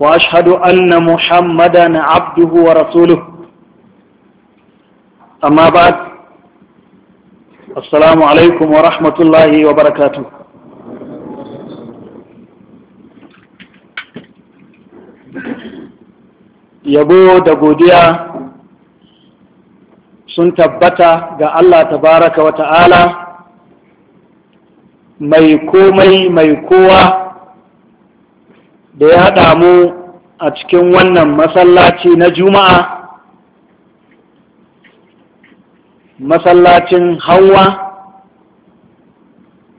وأشهد أن محمدا عبده ورسوله أما بعد السلام عليكم ورحمة الله وبركاته yabo da godiya sun tabbata ga Allah tabaraka wa ta'ala mai komai mai kowa da ya haɗa mu a cikin wannan masallaci na juma'a masallacin hawa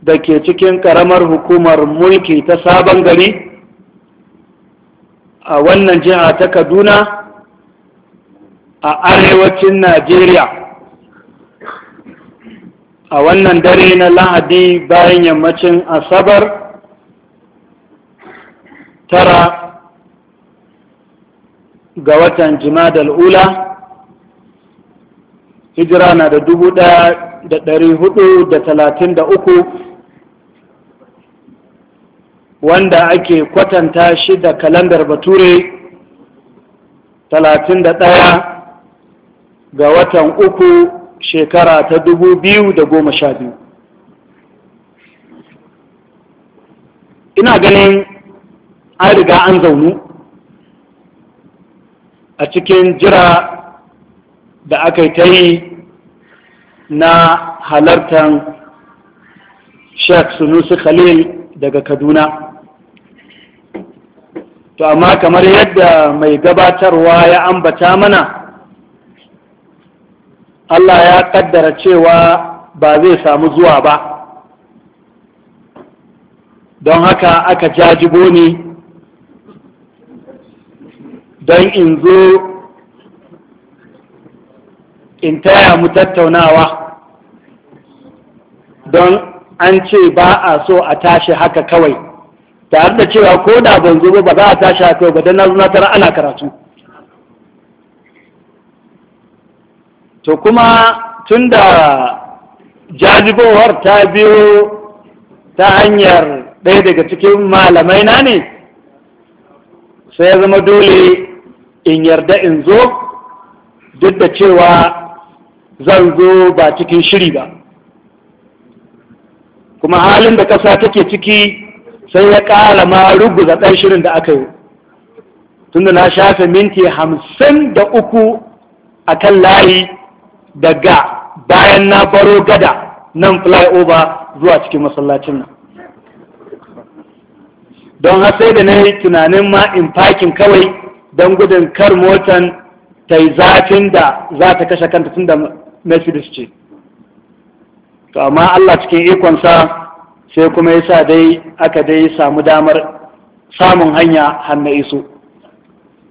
da ke cikin ƙaramar hukumar mulki ta sabon gari a wannan jiha ta kaduna a arewacin najeriya a wannan dare na lahadi bayan yammacin asabar tara ga watan jimadal ula hijira na da dubu ɗaya da ɗari hudu da talatin da uku wanda ake kwatanta shi da kalandar bature talatin da ɗaya ga watan uku shekara ta dubu biyu da goma sha biyu ina ganin an riga an zaunu a cikin jira da aka ta yi na halartar sheikh sunusi khalil daga kaduna to amma kamar yadda mai gabatarwa ya ambata mana allah ya kaddara cewa ba zai samu zuwa ba don haka aka jajibo ne don in zo in taya mu tattaunawa don an ce ba a so a tashi haka kawai tare da cewa ko da ban zo ba za a tashi haka kawai ba don na zunatar ana karatu to kuma tun da jajibowar ta biyo ta hanyar ɗaya daga cikin malamai na ne sai ya zama dole in yarda in zo duk da cewa zan zo ba cikin shiri ba kuma halin da ƙasa take ciki sai ya ƙara ma ruguza ɗan shirin da aka yi da na shafe minti hamsin da uku a kan layi daga bayan na baro gada nan flyover zuwa cikin masallacin nan don har sai da na yi tunanin ma in fakin kawai don gudun kar motan ta yi zafin da za ta kashe kanta tun da mercedes ce to amma allah cikin ikonsa sai kuma ya sa dai aka dai samu damar samun hanya hannu iso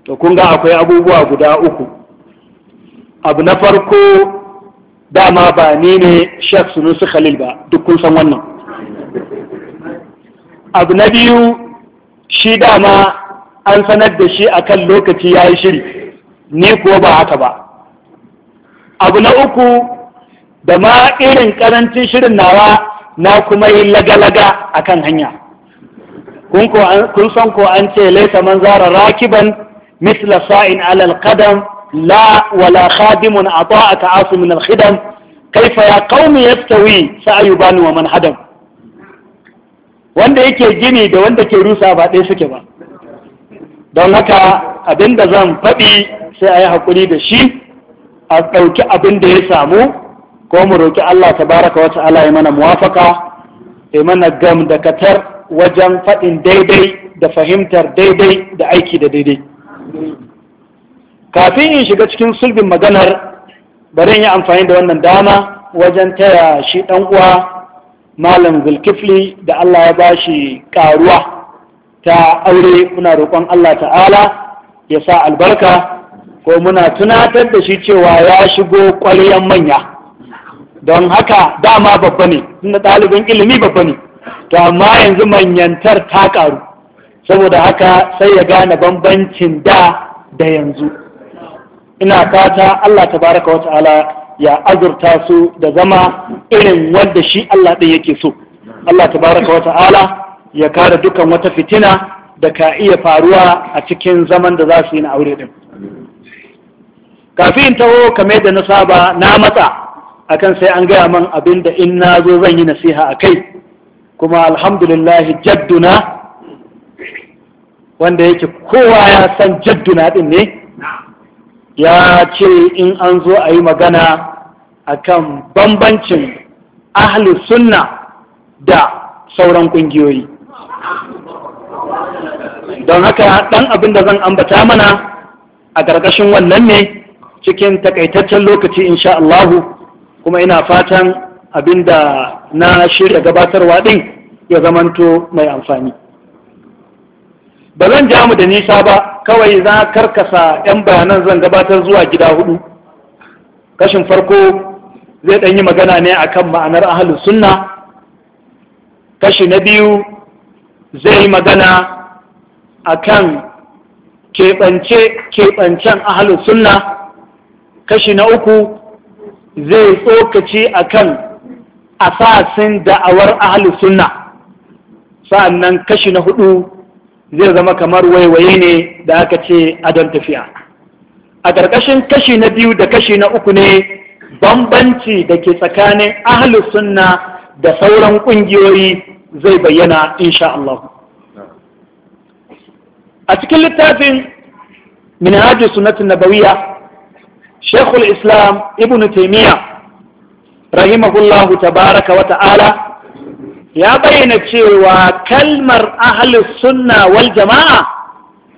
to kun ga akwai abubuwa guda uku abu na farko dama ba ni ne shek sunusu khalil ba duk kun san wannan abu na biyu shi dama an sanar da shi a kan lokaci ya yi shiri ni kuwa ba haka ba abu na uku da ma irin karancin shirin nawa na kuma yi lagalaga a kan hanya kun san ko an ce laisa man zara rakiban misla sa'in alal qadam la wala khadimun ata'a asu min al khidam kaifa ya qaumi yastawi ni wa man hadam wanda yake gini da wanda ke rusa ba ɗaya suke ba don haka abin da zan faɗi sai a yi haƙuri da shi a ɗauki abin da ya samu ko mu roƙi Allah ta baraka wata ala ya mana muwafaka ya mana gam da katar wajen faɗin daidai da fahimtar daidai da aiki da daidai kafin in shiga cikin sulbin maganar bari in yi amfani da wannan dama wajen taya shi ɗan uwa malam zulkifli da Allah ya bashi ƙaruwa ta aure muna roƙon Allah ta'ala ya sa albarka ko muna tunatar da shi cewa ya shigo ƙwaryan manya don haka dama babba ne tunda ɗalibin ilimi babba ne to amma yanzu manyantar ta ƙaru saboda haka sai ya gane bambancin da da yanzu ina fata Allah baraka wa ta'ala ya azurta su da zama irin wanda shi Allah ɗin yake so Allah baraka wa ta'ala ya kare dukan wata fitina da ka iya faruwa a cikin zaman da za su yi na aure din kafin taho kame da na saba na matsa akan sai an gaya man abin da in na zo zan yi nasiha a kai kuma alhamdulillah jadduna wanda yake kowa ya san jadduna din ne ya ce in an zo a yi magana a kan bambancin ahli sunna da sauran ƙungiyoyi. don haka ɗan abin da zan ambata mana a ƙarƙashin wannan ne cikin takaitaccen lokaci insha Allahu kuma ina fatan abin da na shirya gabatarwa ɗin ya zamanto mai amfani ba zan ja mu da nisa ba kawai za karkasa 'yan bayanan zan gabatar zuwa gida hudu kashin farko zai ɗan yi magana ne akan ma'anar ahalin sunna kashi na biyu zai yi magana akan keɓance-keɓancen sunna kashi na uku zai tsokaci akan asasin da'awar ahalus sunna sa'annan kashi na hudu zai zama kamar waiwaye ne da aka ce adon tafiya a ƙarƙashin kashi na biyu da kashi na uku ne bambanci da ke tsakanin ahalus sunna da sauran ƙungiyoyi zai bayyana insha Allah. a cikin littafin minhaju sunnatin nabawiyya shekul islam ibn taimiyya rahimahullahu tabaraka wa ta'ala ya bayyana cewa kalmar ahli sunna wal jama'a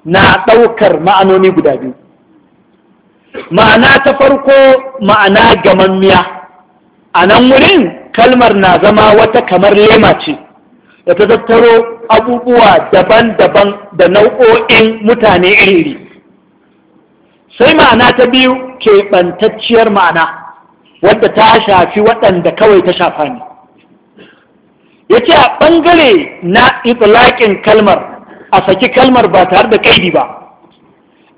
na ɗaukar ma'anoni guda biyu ma'ana ta farko ma'ana gamammiya a nan wurin kalmar na zama wata kamar lema ce da ta tattaro abubuwa daban-daban da nau'o'in mutane iri sai ma'ana ta biyu ke keɓantacciyar ma'ana wadda ta shafi waɗanda kawai ta shafa ne ya ce a ɓangare na itilaƙin kalmar a saki kalmar ba tare da ƙaidi ba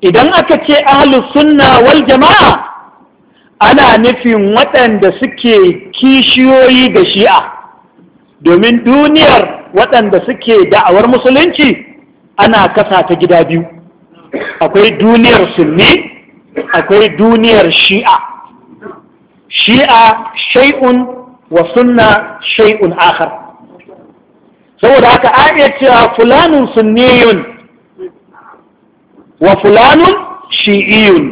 idan aka ce ahalus sunna wal jama'a ana nufin waɗanda suke kishiyoyi da shi'a domin duniyar waɗanda suke da'awar musulunci ana kasa ta gida biyu akwai duniyar sunni akwai duniyar shi'a shi'a shai'un wa sunna shai'un akhar saboda haka a iya cewa fulanun sunniyun wa fulanun shi'iyun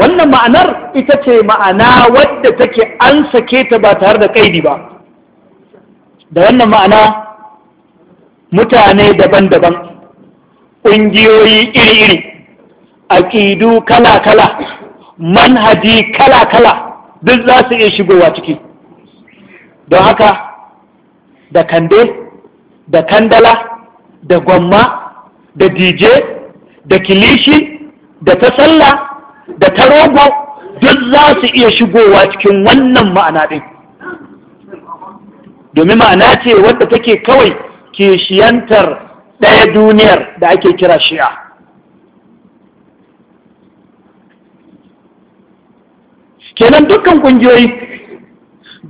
wannan ma'anar ita ce ma'ana wadda take an sake ta ba tare da kaidi ba da wannan ma'ana mutane daban-daban ƙungiyoyi iri-iri aƙidu kala-kala manhaji kala-kala duk za su iya shigowa ciki don haka da kande da kandala da gwamma da dj da kilishi da ta sallah da ta rogo duk za su iya shigowa cikin wannan ma'ana ɗin domin ma'ana ce wanda take kawai ke shiyantar ɗaya duniyar da ake kira shi'a kenan dukkan ƙungiyoyi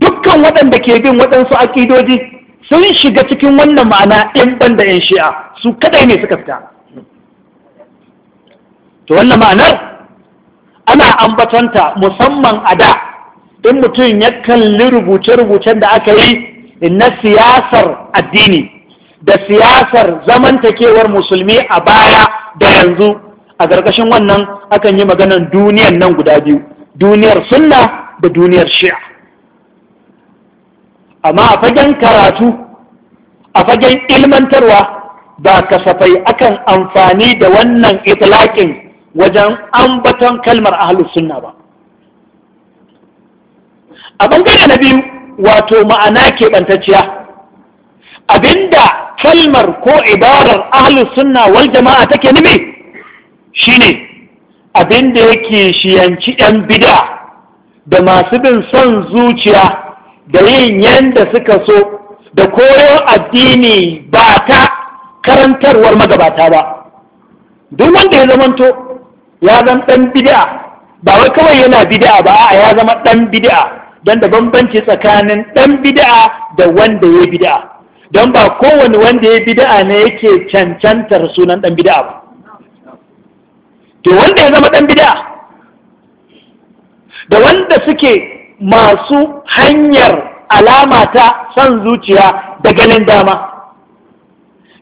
dukkan waɗanda ke bin waɗansu aƙidoji sun shiga cikin wannan ma'ana in ban da 'yan shi'a su kaɗai ne suka fita to wannan ma'anar ana ambatanta musamman a da in mutum ya kalli rubuce-rubucen da aka yi inna siyasar addini da siyasar zamantakewar musulmi a baya da yanzu a ƙarƙashin wannan akan yi maganan duniyar nan guda biyu duniyar sunna da duniyar shi'a amma a fagen karatu a fagen ilmantarwa ba kasafai akan amfani da wannan itilakin wajen ambaton kalmar ahlus sunna ba a ɓangare na biyu wato ma'ana keɓantacciya abinda kalmar ko ibarar ahlus sunna wal jama'a take nufi shine abinda yake shiyanci ɗan bida da masu bin son zuciya da yin yanda suka so da koyon addini ba ta karantarwar magabata ba duk wanda ya zamanto ya zama ɗan bid'a ba wai kawai yana bid'a ba a ya zama ɗan bid'a don da bambanci tsakanin ɗan bida'a da wanda ya bida'a don ba kowane wanda ya bida'a ne yake cancantar sunan ɗan bida'a ba to wanda ya zama ɗan bida'a, da wanda suke masu hanyar alama ta son zuciya da ganin dama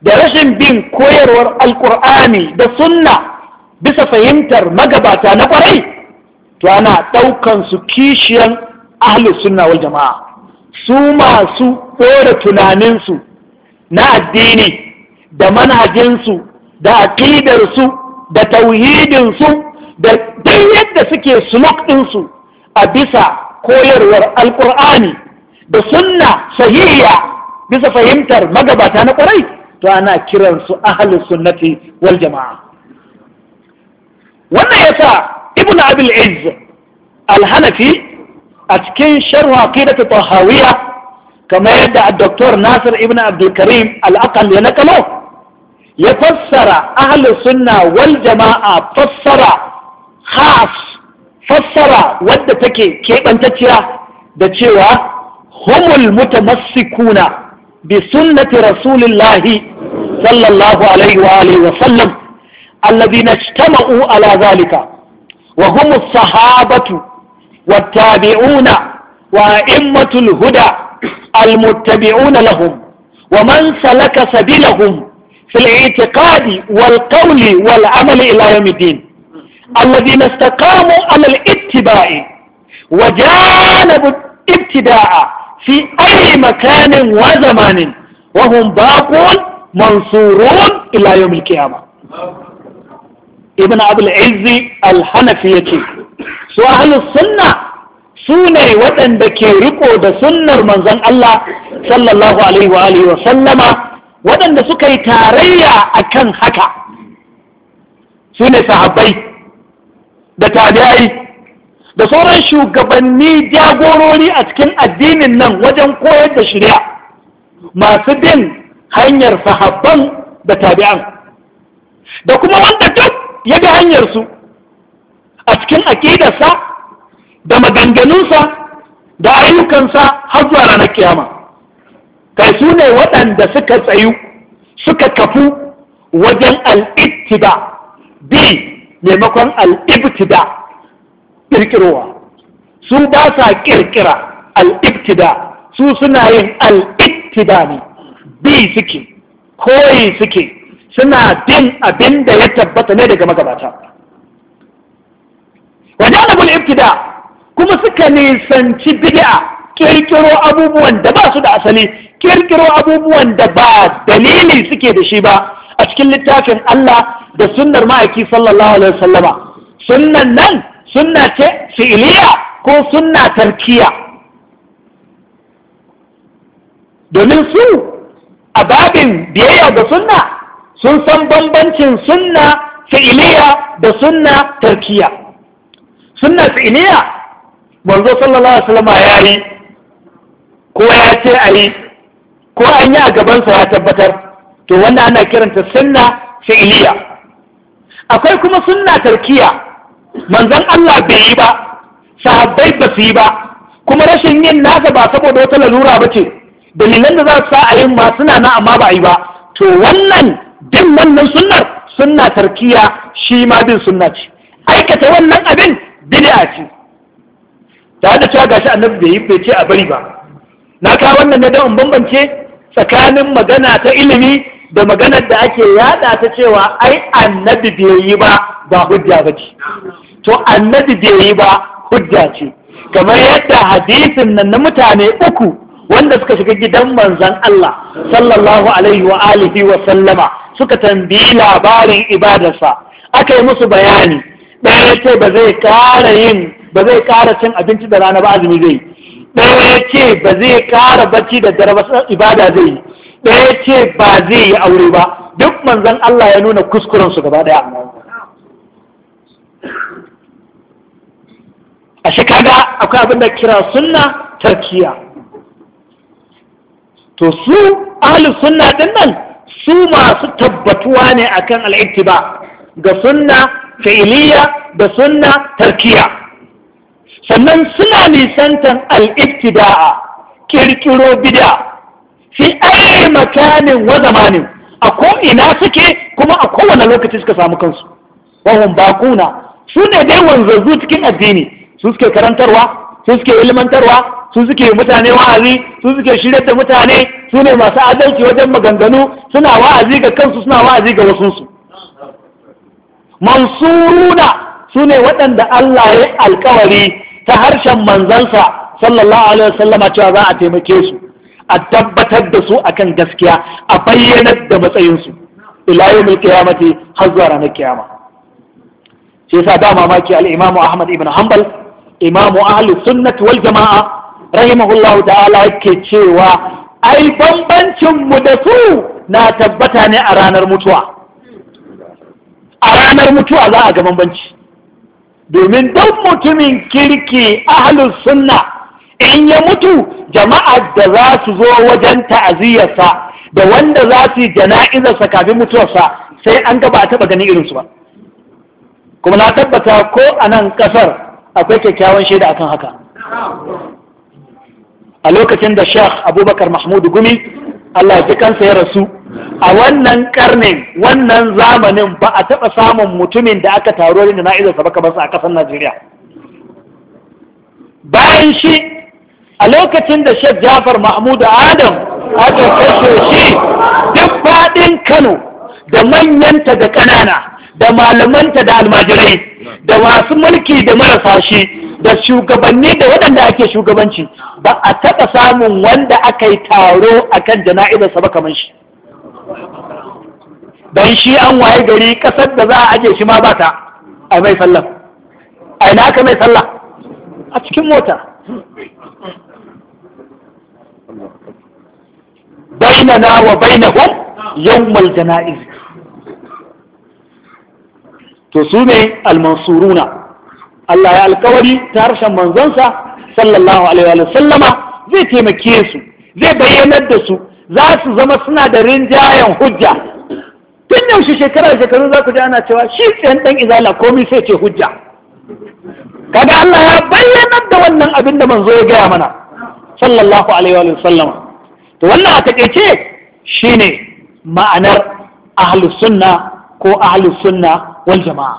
da rashin bin koyarwar alkur'ani da sunna bisa fahimtar magabata na kwarai to ana ɗaukansu su kishiyan ahlus sunna wal jama'a su masu ɗora tunaninsu na addini da manajinsu da aƙidarsu da tauhidinsu da duk yadda suke suluk ɗinsu a bisa koyarwar alƙur'ani da sunna sahiya bisa fahimtar magabata na ƙwarai to ana kiransu ahlus sunnati wal jama'a wannan yasa ibnu abil izz al-hanafi a cikin sharhu aqidatu tahawiyya kamar yadda Dr. Nasir ibn Abdul Karim al-Aqal ya nakalo ya fassara ahlus sunna wal jama'a fassara khas fassara wadda take keɓantacciya da cewa humul mutamassikuna bi sunnati Rasulillah, sallallahu alaihi wa alihi wa sallam alladhina ijtama'u ala zalika wa hum sahabatu والتابعون وأئمة الهدى المتبعون لهم ومن سلك سبيلهم في الاعتقاد والقول والعمل إلى يوم الدين الذين استقاموا على الاتباع وجانبوا الابتداء في أي مكان وزمان وهم باقون منصورون إلى يوم القيامة ابن أبو العز الحنفي يقول su ahlus sunna su ne waɗanda ke riko da sunnar manzon Allah sallallahu alaihi wa alihi wa sallama waɗanda suka yi tarayya akan haka su ne sahabbai da tabi'ai da sauran shugabanni jagorori a cikin addinin nan wajen koyar da shari'a masu bin hanyar sahabban da tabi'an da kuma wanda duk ya bi hanyarsu cikin aƙidarsa da maganganunsa da ayyukansa har zuwa ranar kiyama kai su ne waɗanda suka tsayu suka kafu wajen al'ittida bi maimakon al'ibtida ƙirƙirowa su ba sa ƙirƙira al'ibtida su suna yin al’ibtida ne bi suke koyi suke suna bin abin da ya tabbata ne daga magabata wajalabul ibtida kuma suka nisanci bid'a kirkiro abubuwan da ba su da asali kirkiro abubuwan da ba dalili suke da shi ba a cikin littafin Allah da sunnar ma'aiki sallallahu alaihi wasallama sunnan nan sunna ce fi'iliya ko sunna tarkiya domin su a babin biyayya da sunna sun san bambancin sunna fi'iliya da sunna tarkiya sunna tsiniya? manzo sallallahu alaihi wasallam ya yi ko ya ce a yi ko an yi a gabansa ya tabbatar to wannan ana kiranta sunna tsiniya. akwai kuma sunna tarkiya manzon Allah bai yi ba sahabbai ba su yi ba kuma rashin yin nasa ba saboda wata lalura ba ce dalilan da za su sa a yin ma suna na amma ba a yi ba to wannan din wannan sunnar sunna tarkiya shi ma bin sunna ce aikata wannan abin bid'a ce ta da cewa gashi annabi bai yi bai ce a bari ba na ka wannan ne don bambance tsakanin magana ta ilimi da maganar da ake yada ta cewa ai annabi bai yi ba ba hujja ba ce to annabi bai yi ba hujja ce kamar yadda hadisin nan na mutane uku wanda suka shiga gidan manzon Allah sallallahu alaihi wa alihi wa sallama suka tambayi labarin ibadarsa aka yi musu bayani ɗaya ya ce ba zai ƙara yin ba zai ƙara cin abinci da rana ba azumi zai ɗaya ya ce ba zai ƙara bacci da dare ibada zai yi ɗaya ya ce ba zai yi aure ba duk manzon Allah ya nuna kuskuren su gaba ɗaya a shi akwai abin da kira sunna tarkiya to su ahlus sunna din nan su masu tabbatuwa ne akan al'ittiba ga sunna fi'iliya da sunna tarkiya sannan suna lisantan al-ibtida'a kirkiro bid'a fi ayi makanin wa zamanin a ko'ina suke kuma a kowane lokaci suka samu kansu wahun bakuna su ne dai wanzazzu cikin addini su suke karantarwa su suke ilmantarwa su suke mutane wa'azi su suke shirya da mutane su ne masu adalci wajen maganganu suna wa'azi ga kansu suna wa'azi ga wasunsu mansuruna su ne waɗanda Allah ya alkawari ta harshen manzansa sallallahu alaihi wasallama cewa za a taimake su a tabbatar da su akan gaskiya a bayyanar da matsayinsu ila yawmil qiyamati har zuwa ranar kiyama shi yasa da mamaki al-imamu Ahmad ibn Hanbal imamu ahli sunnati wal jama'a rahimahullahu ta'ala yake cewa ai bambancin mu da su na tabbata ne a ranar mutuwa a ranar mutuwa za a ga bambanci domin don mutumin kirki ahalus sunna in ya mutu jama'ar da za su zo wajen ta'aziyarsa da wanda za su yi jana'izarsa kafin mutuwarsa sai an gaba a taɓa ganin irinsu ba kuma na tabbata ko a nan ƙasar akwai kyakkyawan shaida akan haka a lokacin da sheikh abubakar mahmud gumi allah ji kansa ya rasu a wannan karnin wannan zamanin ba a taɓa samun mutumin da aka taro da na ba kamar basu a kasar Najeriya bayan shi a lokacin da shek Jafar Mahmud Adam aka kashe shi duk faɗin Kano da manyanta da ƙanana da malamanta da almajirai da masu mulki da marasa shi da shugabanni da waɗanda ake shugabanci ba a taɓa samun wanda aka yi taro a kan jana'izarsa ba kamar shi don shi an waye gari kasar da za a ake shi ma ba ta a mai sallah a ina aka mai sallah a cikin mota bainana wa bainahum yawmal jana'iz to su ne almansuruna Allah ya alkawari ta harshen manzonsa sallallahu alaihi wa sallama zai taimake su zai bayyanar da su za su zama suna da rinjayen hujja tun yaushe shekara shekaru za ku ji ana cewa shi tsayen ɗan izala komai sai ce hujja kaga Allah ya bayyana da wannan abin da manzo ya gaya mana sallallahu alaihi wa sallama to wannan a takaice shine ma'anar ahlus sunna ko ahlus sunna wal jama'a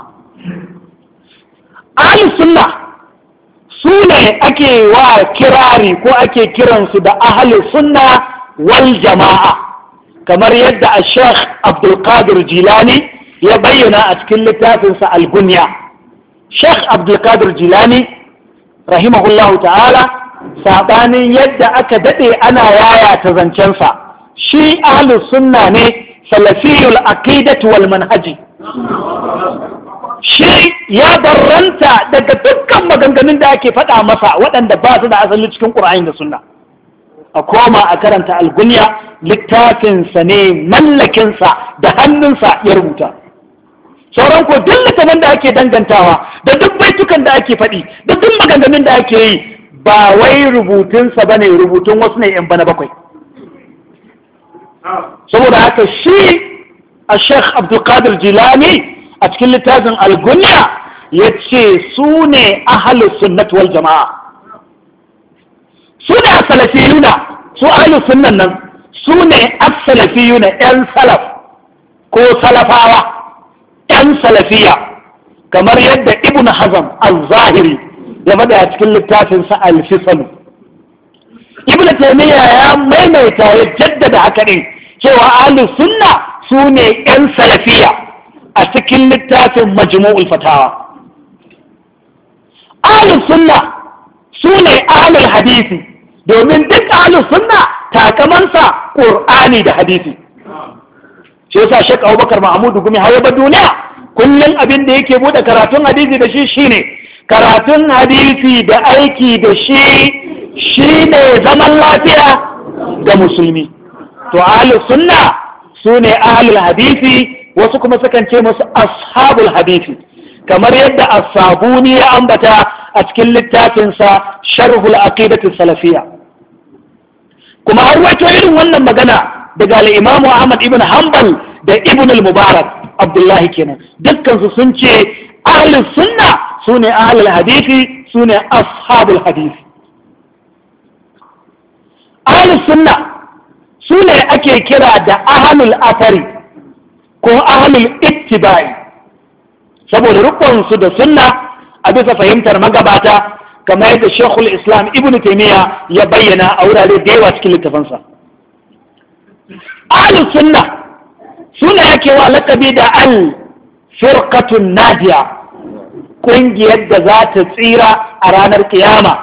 ahlus sunna su ne ake wa kirari ko ake kiransu da ahlus sunna wal jama'a kamar yadda a sheikh abdulkadir jilani ya bayyana a cikin littafinsa algunya sheikh abdulkadir jilani rahimahullahu ta'ala saɓanin yadda aka daɗe ana yaya ta zancensa shi ahlus sunna ne salafiyul aqidatu wal manhaji shi ya barranta daga dukkan maganganun da ake faɗa masa waɗanda ba su da asali cikin ƙur'ani da sunna a koma a karanta algunya littafinsa ne mallakinsa da hannunsa ya rubuta sauran ko duk littafin da ake dangantawa da duk baitukan da ake faɗi da duk maganganun da ake yi ba wai rubutunsa ba ne rubutun wasu ne yan bana bakwai saboda haka shi a sheikh abdulkadir jilani a cikin littafin algunya ya ce su ne ahalus jama'a su ne asalafiyuna su ahli sunnan nan su ne asalafiyuna yan salaf ko salafawa yan salafiya kamar yadda ibn hazm al-zahiri ya faɗa cikin littafinsa al-fisal ibn taymiya ya maimaita ya jaddada haka din cewa ahli sunna su ne yan salafiya a cikin littafin majmu'ul fatawa ahli sunna su ne ahli hadisi domin duk alif sunna takamansa qur'ani da hadisi shi yasa shek abubakar ma'amudu gumi har duniya kullum abin da yake bude karatun hadisi da shi shine karatun hadisi da aiki da shi shine zaman lafiya ga musulmi to alif sunna sune ahlul hadisi wasu kuma sukan ce musu ashabul hadisi kamar yadda asabuni ya ambata a cikin littafinsa sharhul aqidati salafiyya kuma har wato irin wannan magana daga al-Imam Ahmad ibn Hanbal da Ibn al-Mubarak Abdullahi kenan dukkan su sun ce ahlus sunna sune ahlul hadisi sune ashabul hadisi ahlus sunna sune ake kira da ahlul athari ko ahlul ittiba'i saboda rukun su da sunna a bisa fahimtar magabata kamar yadda shekul islam ibn taimiyya ya bayyana a wurare da yawa cikin littafansa ahlus sunna suna yake wa lakabi da al firqatun nadiya ƙungiyar da za ta tsira a ranar kiyama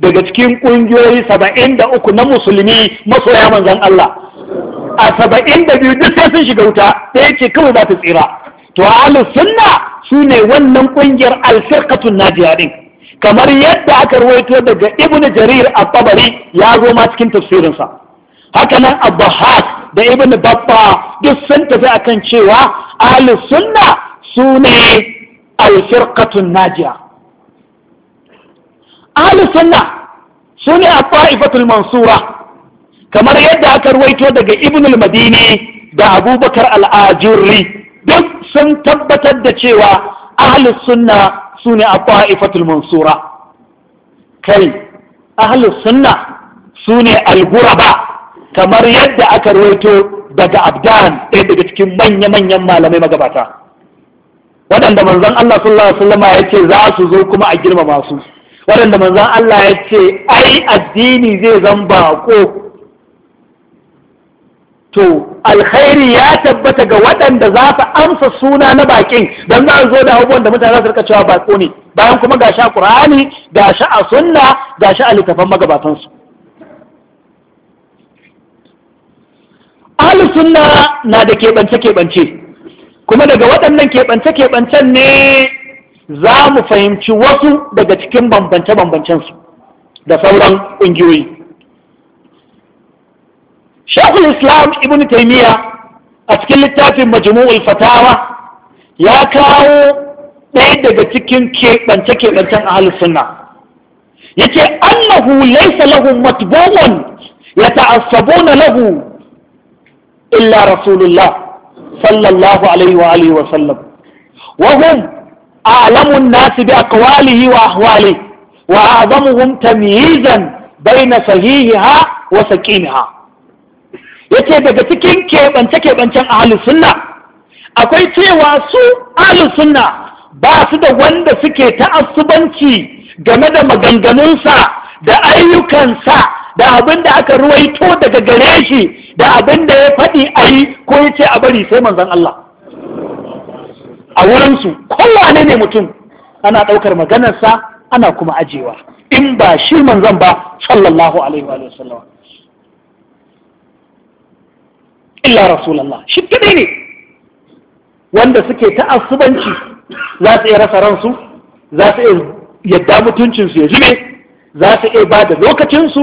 daga cikin ƙungiyoyi saba'in da uku na musulmi masoya manzan Allah a saba'in da biyu duk sai sun shiga wuta da yake kawai za ta tsira to ahlus sunna su ne wannan ƙungiyar al firqatun nadiya din kamar yadda aka ruwaito daga Ibn jarir a tabari ya zo ma cikin tafsirinsa haka nan Haq da Ibn babba duk sun tafi a kan cewa ahli sunna sune al najiya ahli sunna sune a fa'ifatul mansura kamar yadda aka ruwaito daga Ibn madini da abubakar al duk sun tabbatar da cewa ahli sunna su ne akwa mansura kai ahlus sunna su ne alguraba kamar yadda aka ruwaito daga abdan ɗaya daga cikin manya-manyan malamai magabata waɗanda manzan Allah sallallahu ya ce za su zo kuma a girmamasu waɗanda manzan Allah ya ce ai addini zai zan baƙo to alkhairi ya tabbata ga waɗanda za su amsa suna na bakin don za a zo da abubuwan da mutane za su rika cewa bako ne bayan kuma ga sha ƙur'ani ga sha a sunna ga sha a littafan magabatansu ahlu sunna na da keɓance-keɓance kuma daga waɗannan keɓance-keɓancen ne za mu fahimci wasu daga cikin bambance-bambancensu da sauran ƙungiyoyi shekul islam ibn taimiyya a cikin littafin majmu'ul fatawa ya kawo ɗaya daga cikin keɓance-keɓancen ahalus yake Allah annahu laysa lahum matbu'un yata'assabuna lahu illa rasulullah sallallahu alaihi wa alihi wa sallam wa hum a'lamu an-nas bi aqwalihi wa ahwalihi wa a'zamuhum tamyizan bayna sahihiha wa saqimiha yace daga cikin keɓance-keɓancen ahalus sunna akwai cewa su ahalus sunna ba su da wanda suke ta'assubanci game da maganganunsa da ayyukansa da abin da aka ruwaito daga gare shi da abin da ya faɗi a yi ko ya ce a bari sai manzan Allah a wurinsu kowane ne mutum ana ɗaukar maganarsa ana kuma ajiyewa. in ba shi manzan ba sallallahu alaihi wa sallam illa rasulullah shi kadai ne wanda suke ta'assubanci za su iya rasa ransu za su iya yadda mutuncinsu ya jime za su iya ba da lokacinsu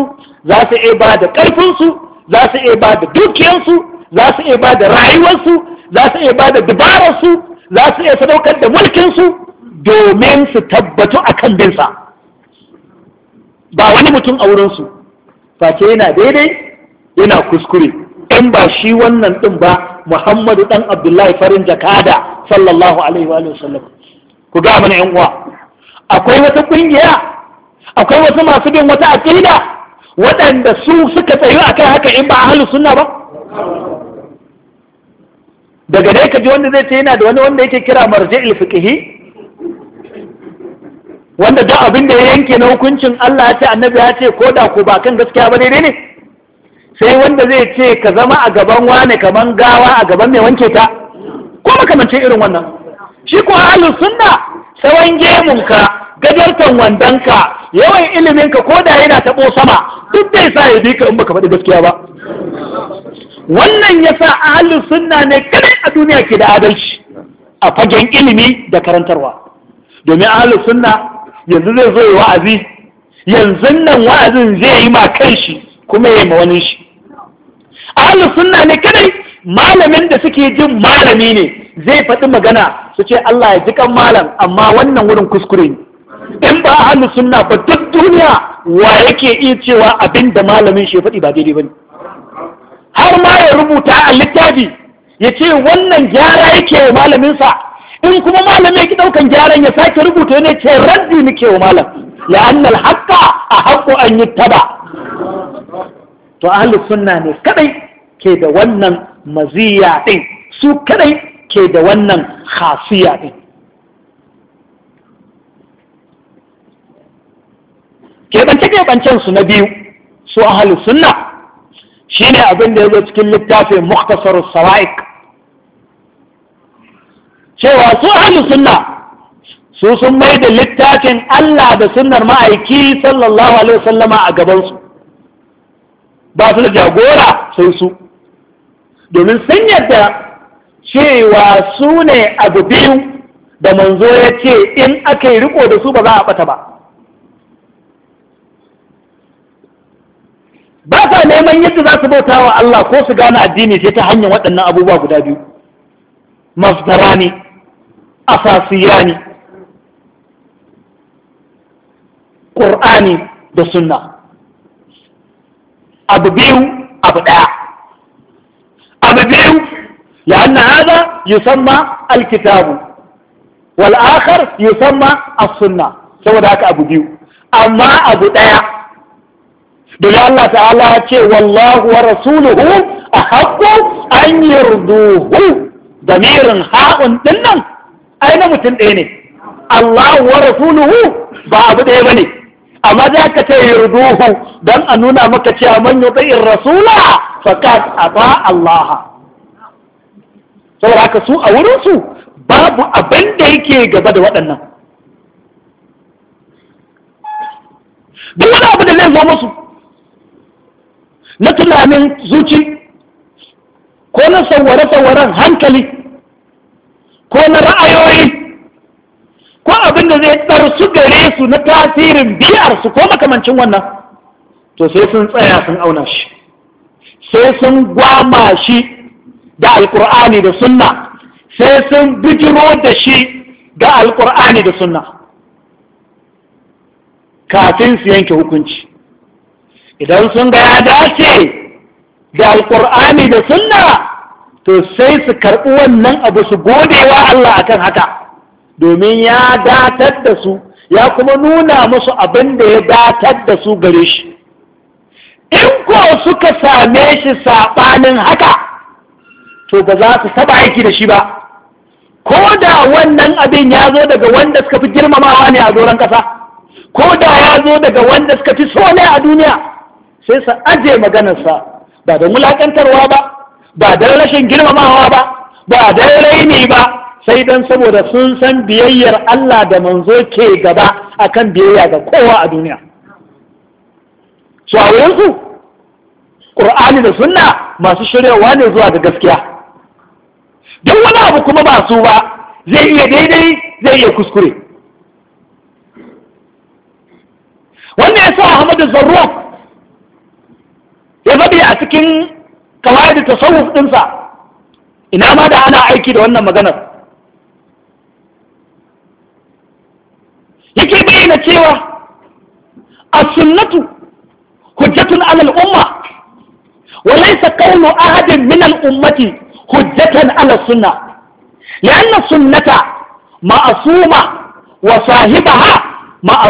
za su iya ba da ƙarfinsu za su iya ba da dukiyarsu za su iya ba da rayuwarsu za su iya ba da dabararsu za su iya sadaukar da mulkinsu domin su tabbatu a kan binsa ba wani mutum a wurinsu face yana daidai yana kuskure in ba shi wannan din ba muhammadu dan abdullahi farin jakada sallallahu alaihi wa sallam ku ga mana yan uwa akwai wata kungiya akwai wasu masu bin wata aqida waɗanda su suka tsayu akai haka in ba ahlus sunna ba daga dai ka ji wanda zai ce yana da wani wanda yake kira marji'il fiqhi wanda duk abin da ya yanke na hukuncin Allah ya ce annabi ya ce ko da ko ba kan gaskiya ba daidai ne sai wanda zai ce ka zama a gaban wane kaman gawa a gaban mai wanke ta ko makamancin irin wannan shi ko ahlus sunna sawan gemunka gajartan ka, yawan ilimin ka ko da yana taɓo sama duk dai sa ya bi ka in baka faɗi gaskiya ba wannan ya sa halin sunna ne kadai a duniya ke da adalci a fagen ilimi da karantarwa domin halin sunna yanzu zai zo wa'azi yanzu nan wa'azin zai yi ma kan shi kuma ya yi ma wani shi ahlus sunna ne kadai malamin da suke jin malami ne zai faɗi magana su ce Allah ya ji kan malam amma wannan wurin kuskure ne in ba ahlus sunna ba duk duniya wa yake iya cewa abin da malamin shi faɗi ba daidai bane har ma ya rubuta a littafi ya ce wannan gyara yake wa malaminsa in kuma malamin ki ɗaukan gyaran ya sake rubuta ne ce raddi nake wa malam la'annal haqqa a haqqu an yuttaba to ahlus sunna ne kadai ke da wannan maziya ɗin su kadai ke da wannan khasiya ɗin keɓance-keɓancen su na biyu su ahalu sunna shine abin da ya zo cikin littafin muktasar sawa'ik cewa su ahalu sunna su sun mai da littafin Allah da sunnar ma'aiki sallallahu alaihi wasallama a gabansu ba su da jagora sai su domin sun yadda cewa su ne abu biyu da manzo ya ce in aka yi riko da su ba za a bata ba ba sa neman yadda za su bauta wa Allah ko su gane addini ce ta hanyar waɗannan abubuwa guda biyu masdara ne asasiya ne ƙur'ani da sunna abu biyu abu ɗaya abu biyu ya hada yusamma alkitabu wal akhar yusamma as-sunna saboda haka abu biyu amma abu daya daga Allah ta'ala ya ce wallahu wa rasuluhu ahaqqu an yurduhu damirin ha'un dinnan ai na mutum ɗaya ne Allah wa rasuluhu ba abu ɗaya bane amma za ka ce yarduhu dan a nuna maka cewa man yuti rasula faqad ata Allah saboda haka su a wurinsu babu abin da yake gaba da waɗannan duk wani abu da zai zo musu na tunanin zuci ko na saware hankali ko na ra'ayoyi ko abin da zai ɗarsu gare su na tasirin biyarsu ko makamancin wannan to sai sun tsaya sun auna shi sai sun gwama shi da alkur'ani da sunna sai sun bijiro da shi ga alkur'ani da sunna kafin su yanke hukunci idan sun ga ya dace da alkur'ani da sunna to sai su karɓi wannan abu su godewa Allah akan haka domin ya datar da su ya kuma nuna musu abin da ya datar da su gare shi in ko suka same shi saɓanin haka to ba za su saba aiki da shi ba ko da wannan abin ya zo daga wanda suka fi girmamawa ne a doron ƙasa ko da ya zo daga wanda suka fi so ne a duniya sai su aje maganarsa ba da wulaƙantarwa ba ba don rashin girmamawa ba ba don raini ba sai don saboda sun san biyayyar Allah da manzo ke gaba kan biyayya ga kowa a duniya su a wurinsu ƙur'ani da sunna masu shiryawa ne zuwa ga gaskiya don wani abu kuma ba su ba zai iya daidai zai iya kuskure wannan ya sa ahmadu zarro ya faɗi a cikin kawai da tasawuf ɗinsa ina ma da ana aiki da wannan maganar yake bayyana cewa a sunnatu hujjatun alal umma wa ahadin min al'ummati ح ج ة على ا ل س ن ة وصاحبها م أ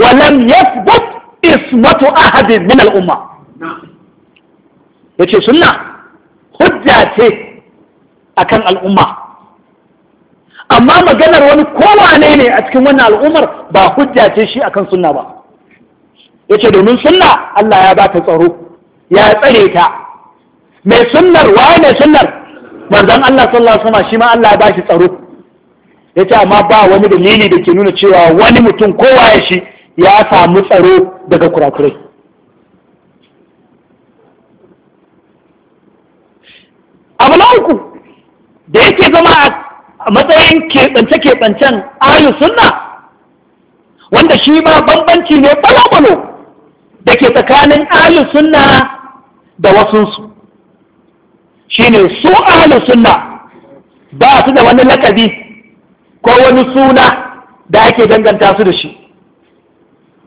ولم يثبت ا س م ة أ ح د من ا ل أ م ة يجي س ن ة حجاتي أ ك ن ا ل أ م ة أ م ا م ا جنر وني كوى نيني اتكلم و ن ا ل ع م ر ب ا ه د ا تشي أ ك ن سنبا ي ت ش د و ن سنى الله ي ب ا ت ا ل ر و ي ا ت mai sunnar waye mai sunnar manzon Allah sallallahu alaihi wasallam shi ma Allah ya bashi tsaro yace amma ba wani dalili da ke nuna cewa wani mutum kowa ya shi ya samu tsaro daga kurakurai abu na uku da yake zama a matsayin keɓance-keɓancen ayu sunna wanda shi ma bambanci ne balo-balo da ke tsakanin ayu sunna da wasunsu shine su ahlus sunna ba su da wani lakabi ko wani suna da ake danganta su da shi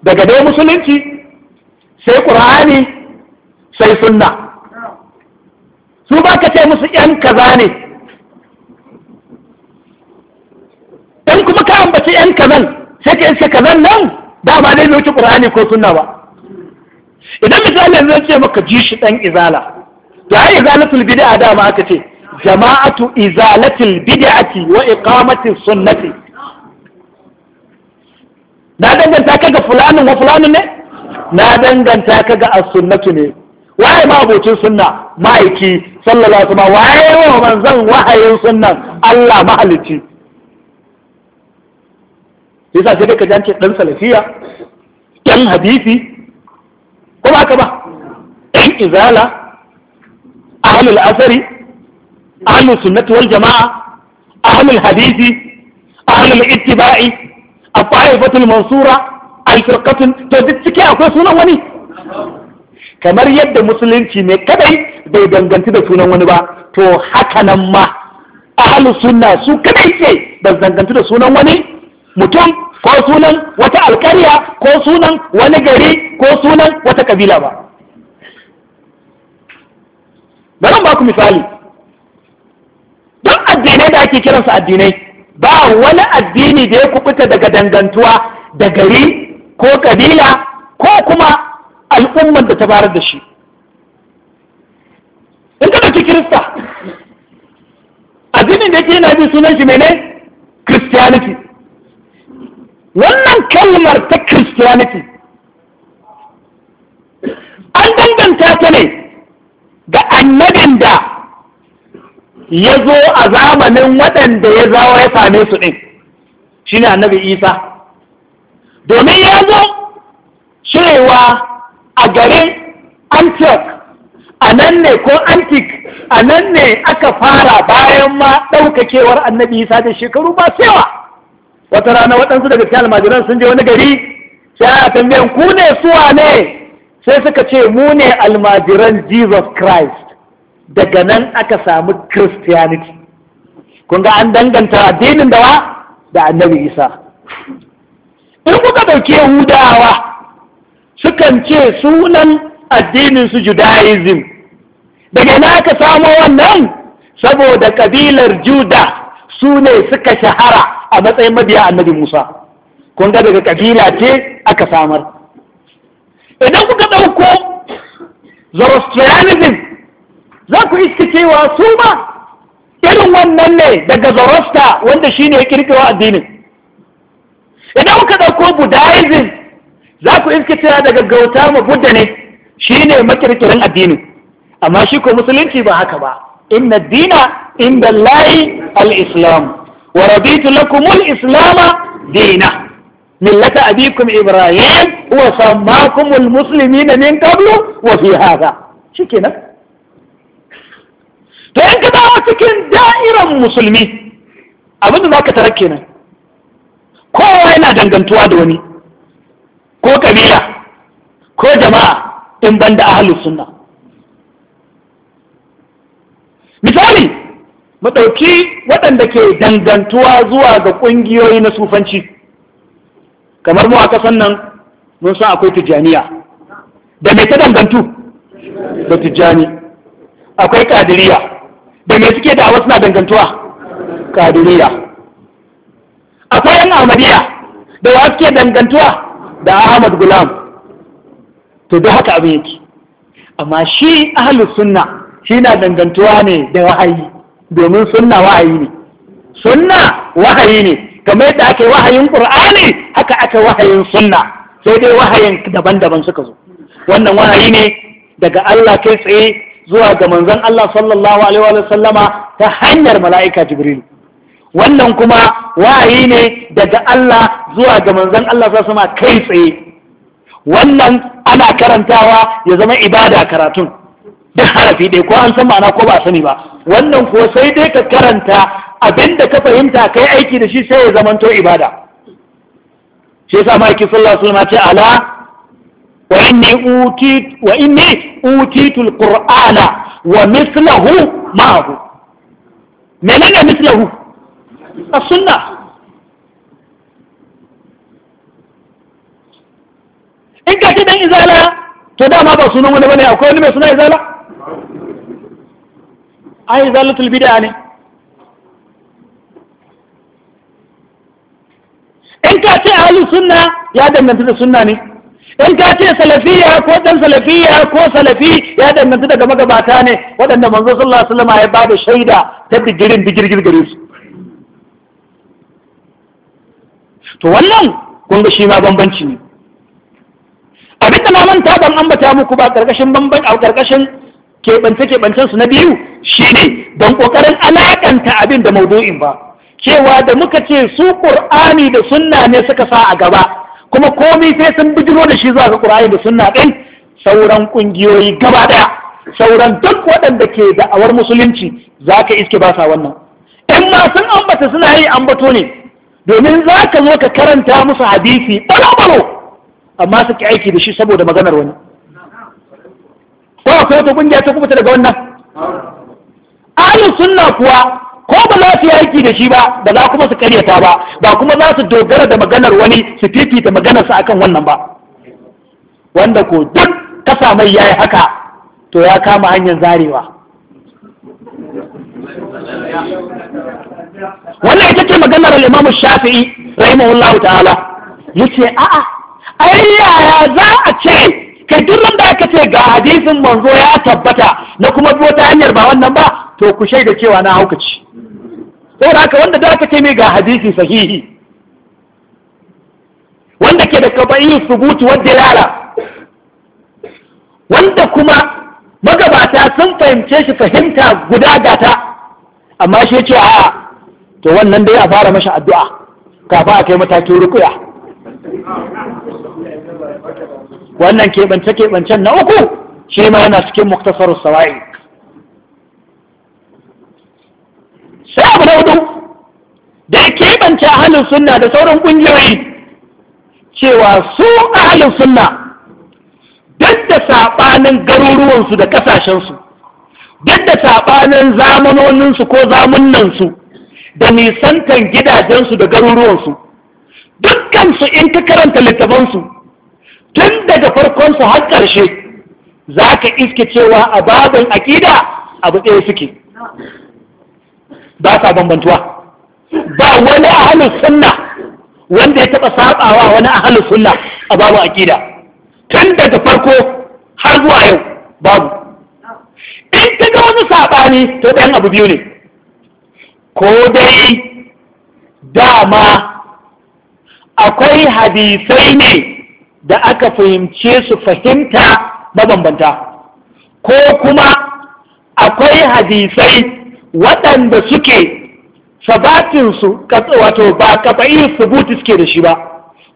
daga dai musulunci sai qur'ani sai sunna su ba ka ce musu yan kaza ne dan kuma ka ambaci yan kazan sai ka iska kazan nan ba ma dai wuce qur'ani ko sunna ba idan misali yanzu ce maka ji shi dan izala to ai izalatul bid'a dama aka ce jama'atu izalatul bid'ati wa iqamati sunnati na danganta ka ga fulanin wa fulanin ne na danganta ka ga as-sunnatu ne waye ma abocin sunna ma'aiki sallallahu alaihi wasallam waye wa manzon wahayin sunnan Allah mahalicci yasa sai ka ji an dan salafiya ɗan hadisi ko ba ka ba izala ahlul asari ahlul sunnati wal jama'a ahlul hadisi ahlul ittiba'i al-fa'ifatul mansura al-firqatul to cike akwai sunan wani kamar yadda musulunci ne kadai bai danganci da sunan wani ba to haka nan ma ahlus sunna su kadai ce ba danganci da sunan wani mutum ko sunan wata alkarya ko sunan wani gari ko sunan wata kabila ba bari ba ku misali don addinai da ake kiransu addinai ba wani addini da ya kubuta daga dangantuwa da gari ko kabila ko kuma al'umman da ta bayar da shi in ka ɗauki kirista addinin da yake yana bi sunan shi mene christianity wannan kalmar ta christianity an danganta ta ne ga annabin da ya zo a zamanin waɗanda ya zawo ya same su ɗin shi ne annabi isa domin ya zo cewa a garin antioch a nan ne ko antik a nan ne aka fara bayan ma ɗaukakewar annabi isa da shekaru ba yawa. wata rana waɗansu daga cikin almajiran sun je wani gari sai a tambayan ku ne suwa ne sai suka ce mu ne almajiran jesus christ daga nan aka samu christianity kun ga an danganta addinin da wa da annabi isa in kuka ɗauki hudawa sukan ce sunan addinin su judaism daga na aka samo wannan saboda ƙabilar juda su ne suka shahara a matsayin mabiya annabi musa kun ga daga ƙabila ce aka samar idan kuka ɗauko zoroastrianism za ku iska cewa su ma irin wannan ne daga zoroasta wanda shi ne ya kirkiro addinin idan kuka ɗauko Budaizim, za ku iska cewa daga gautama budda ne shi ne makirkirin addinin amma shi ko musulunci ba haka ba inna dina inda layi al-islam wa rabitu lakumul islama dina millata abikum ibrahim wa sammakum almuslimina min qablu wa fi hadha shikenan to in ka dawo cikin da'irin musulmi abin da zaka tarar kenan kowa yana dangantuwa da wani ko kabila ko jama'a in banda ahlus sunna misali mu ɗauki waɗanda ke dangantuwa zuwa ga ƙungiyoyi na sufanci kamar mu a kasan nan mun san akwai tijaniya da mai ta dangantu da tijani akwai kadiriya da mai suke da wasu na dangantuwa kadiriya akwai yan amadiya da wasu suke dangantuwa da ahmad gulam to da haka abin yake amma shi ahlus sunna shi na dangantuwa ne da wahayi domin sunna wahayi ne sunna wahayi ne kamar yadda ake wahayin qur'ani haka aka wahayin sunna sai dai wahayin daban-daban suka zo wannan wahayi ne daga Allah kai tsaye zuwa ga manzon Allah sallallahu alaihi wa sallama ta hanyar mala'ika Jibril wannan kuma wahayi ne daga Allah zuwa ga manzon Allah sallallahu alaihi wa sallama kai tsaye wannan ana karantawa ya zama ibada karatun duk harafi dai ko an san ma'ana ko ba sani ba wannan ko sai dai ka karanta abinda ka fahimta kai aiki da shi sai ya zamanto ibada shi yasa ma'aiki sallallahu alaihi wasallam ce ala wa inni uti wa inni utitu alqur'ana wa mithluhu ma'ahu menene mithluhu as suna. in ka ce dan izala to dama ba sunan wani bane akwai wani mai suna izala ai zalatul bid'a ne in ka ce ahlus sunna ya danganta da sunna ne in ka ce salafiya ko dan salafiya ko salafi ya danganta daga magabata ne waɗanda manzo sallallahu alaihi wasallam ya bada shaida ta digirin digirgir gare su to wannan kun ga shi ma bambanci ne abin da na manta ban ambata muku ba karkashin bambanci a karkashin keɓance keɓancensu na biyu shi ne don ƙoƙarin alaƙanta abin da maudu'in ba cewa da muka ce su ƙur'ani da sunna ne suka sa a gaba kuma komai sai sun bijiro da shi zuwa ga ƙur'ani da sunna ɗin sauran ƙungiyoyi gaba ɗaya sauran duk waɗanda ke da'awar musulunci za ka iske ba sa wannan in ma sun ambata suna yi ambato ne domin za ka zo ka karanta musu hadisi ɓalo-ɓalo amma su aiki da shi saboda maganar wani ko akwai wata kungiya ta kubuta daga wannan ahlus sunna kuwa ko ba za su yi aiki da shi ba ba za kuma su karyata ba ba kuma za su dogara da maganar wani su fifita su akan wannan ba wanda ko duk kasa mai yayi haka to ya kama hanyar zarewa wannan ita ce maganar al-Imam Shafi'i rahimahullahu ta'ala yace a'a ai za a ce kai duk da aka ce ga hadisin manzo ya tabbata na kuma biyo ta hanyar ba wannan ba to ku shaida cewa na haukaci saboda haka wanda da aka ce mai ga hadisi sahihi wanda ke da kabayin wadda wanda yara wanda kuma magabata sun fahimce shi fahimta guda gata amma shi ce a to wannan dai a fara mashi addu'a kafin a kai matakin rukuya wannan keɓance-keɓancen na uku shi ma yana cikin muktasar sawa'i sai abu na hudu da keɓance halin sunna da sauran ƙungiyoyi cewa su ahalin sunna duk da saɓanin garuruwansu da ƙasashensu duk da saɓanin zamanoninsu ko zamunansu da nisantan gidajensu da garuruwansu dukkansu in ka karanta littafansu tun daga su har ƙarshe za ka iske cewa a babin aƙida abu ɗaya suke ba sa bambantuwa ba wani ahalin sunna wanda ya taɓa saɓawa wani ahalin sunna a babu aƙida tun daga farko har zuwa yau babu in ta ga wani saɓani to ɗayan abu biyu ne ko dai dama akwai hadisai ne da aka fahimce su fahimta mabambanta ko kuma akwai hadisai waɗanda suke sabatinsu wato ba kafa'i subuti suke da shi ba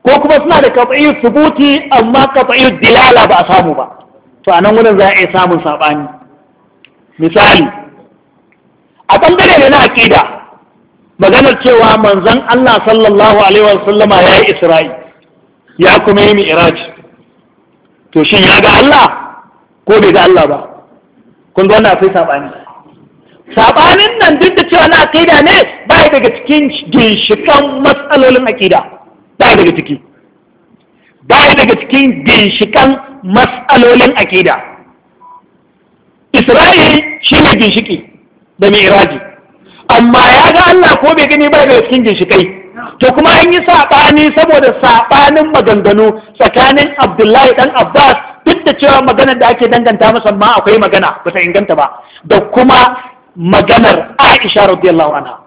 ko kuma suna da kafa'i subuti amma kafa'i dilala ba a samu ba to a nan wurin za a iya samun saɓani misali a ɓangare ne na aƙida maganar cewa manzon Allah sallallahu alaihi wasallama ya yi isra'i ya kuma yi mi'raj to shin ya ga Allah ko bai ga Allah ba kun ga wannan akwai sabani sabanin nan duk da cewa na akida ne ba daga cikin ginshikan matsalolin akida ba daga ciki ba daga cikin ginshikan matsalolin akida Isra'il shi ne ginshiki da mi'raji. amma ya ga Allah ko bai gani ba daga cikin ginshikai to kuma an yi saɓani saboda saɓanin maganganu tsakanin abdullahi ɗan abbas duk da cewa maganar da ake danganta masa ma akwai magana ba ta inganta ba da kuma maganar aisha radiyallahu anha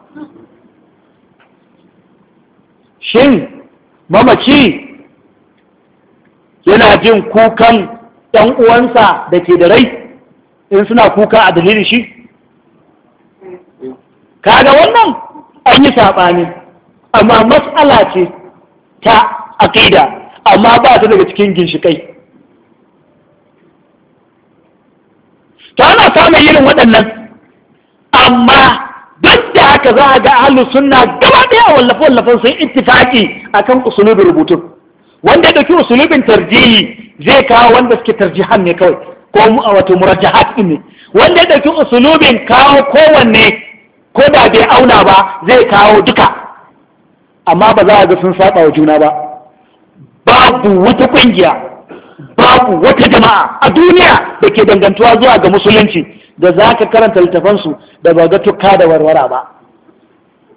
shin mamaci yana jin kukan ɗan uwansa da ke da rai in suna kuka a dalilin shi kaga wannan an yi saɓani amma matsala ce ta aƙida amma ba ta daga cikin ginshiƙai ta ana samun irin waɗannan amma duk da haka za a ga ahalu suna gaba ɗaya wallafe-wallafen sun a kan usulubin rubutun wanda ya ɗauki usulubin tarjihi zai kawo wanda suke tarjihan ne kawai ko a wato murajjahat ne wanda ya ɗauki usulubin kawo kowanne ko da bai auna ba zai kawo duka amma ba za a ga sun saba wa juna ba babu wata kungiya babu wata jama'a a duniya da ke dangantuwa zuwa ga musulunci da za ka karanta littafansu da ba ga tukka da warwara ba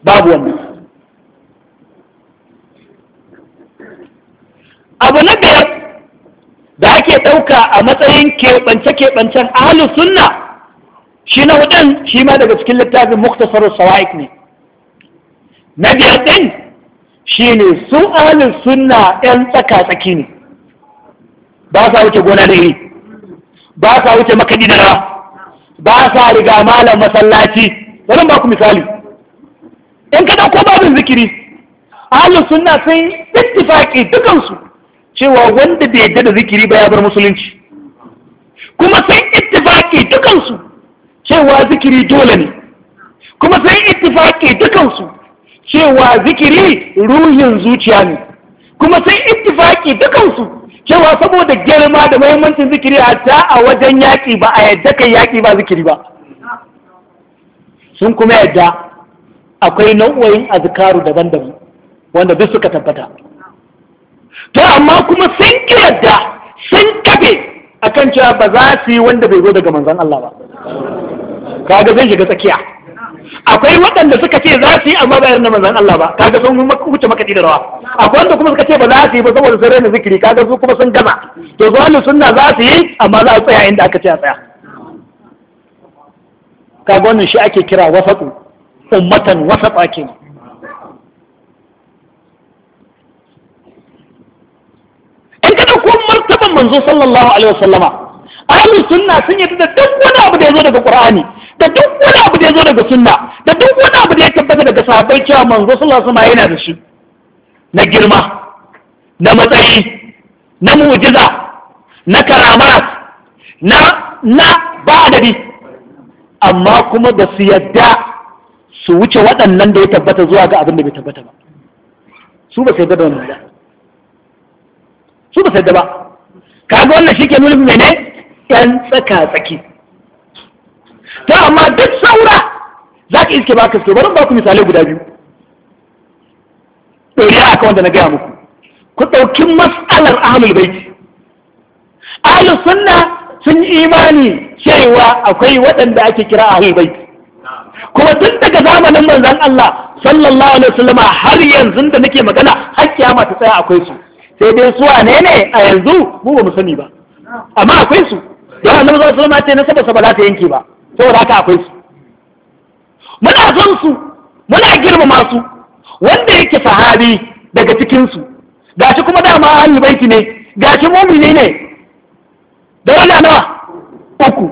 babu wannan abu na biyar da ake ɗauka a matsayin keɓance-keɓancen ahalus sunna shi na hudun shi ma daga cikin littafin muktasarus sawa'ik ne na biyar ɗin Shi ne sun ahalin suna yan tsaka tsaki ne ba sa wuce gona da yi. ba sa wuce makaɗi da rawa ba sa riga malam masallaci wani ba ku misali in ka ba babin zikiri ahalin sunna sun ittifaqi dukansu cewa wanda bai yadda da zikiri ba ya bar musulunci kuma sun ittifaqi dukansu cewa zikiri dole ne kuma sun ittifaqi dukansu cewa zikiri ruhin zuciya ne kuma sai ittifaki dukansu cewa saboda girma da mahimmancin zikiri hatta a wajen yaƙi ba a yadda kai yaƙi ba zikiri ba sun kuma yadda akwai nau'o'in azkaru daban-daban wanda duk suka tabbata to amma kuma sun ki yadda sun a akan cewa ba za su yi wanda bai zo daga manzan Allah ba kaga zai shiga tsakiya akwai waɗanda suka ce za su yi amma bayar na manzan Allah ba kaga sun wuce makaɗi da rawa akwai wanda kuma suka ce ba za su yi ba saboda sun raina zikiri kaga su kuma sun gama to su ahlus sunna za su yi amma za a tsaya inda aka ce a tsaya kaga wannan shi ake kira wasaƙu ummatan wasata kenan in ka dauko martaban manzo sallallahu alaihi wasallama ahlus sunna sun yi da duk wani abu da ya zo daga qur'ani da duk wani abu da ya zo daga sunna da duk wani abu da ya tabbata daga sahabbai cewa manzo sallallahu alaihi yana da shi na girma na matsayi na mu'jiza na karamat na na ba bi, amma kuma ba su yadda su wuce waɗannan da ya tabbata zuwa ga abin da bai tabbata ba su ba su yadda da wannan ba su ba su yadda ba kaga wannan shi ke nuna mene yan tsaka tsaki to amma duk saura za ka iske ba ka so ba ku misalai guda biyu ɗoriya aka wanda na gaya muku ku ɗauki mas'alar ahalul baiti ahalul sunna sun yi imani cewa akwai waɗanda ake kira ahalul baiti kuma tun daga zamanin manzon Allah sallallahu alaihi wasallama har yanzu da nake magana har kiyama ta tsaya akwai su sai dai su ne ne a yanzu mu ba mu sani ba amma akwai su da annabi sallallahu alaihi wasallama ce na saba saba za ta yanke ba saboda haka akwai su muna son su muna girmama su wanda yake sahabi daga cikin su gashi kuma dama ahlul baiti ne gashi mu'mini ne da wala nawa uku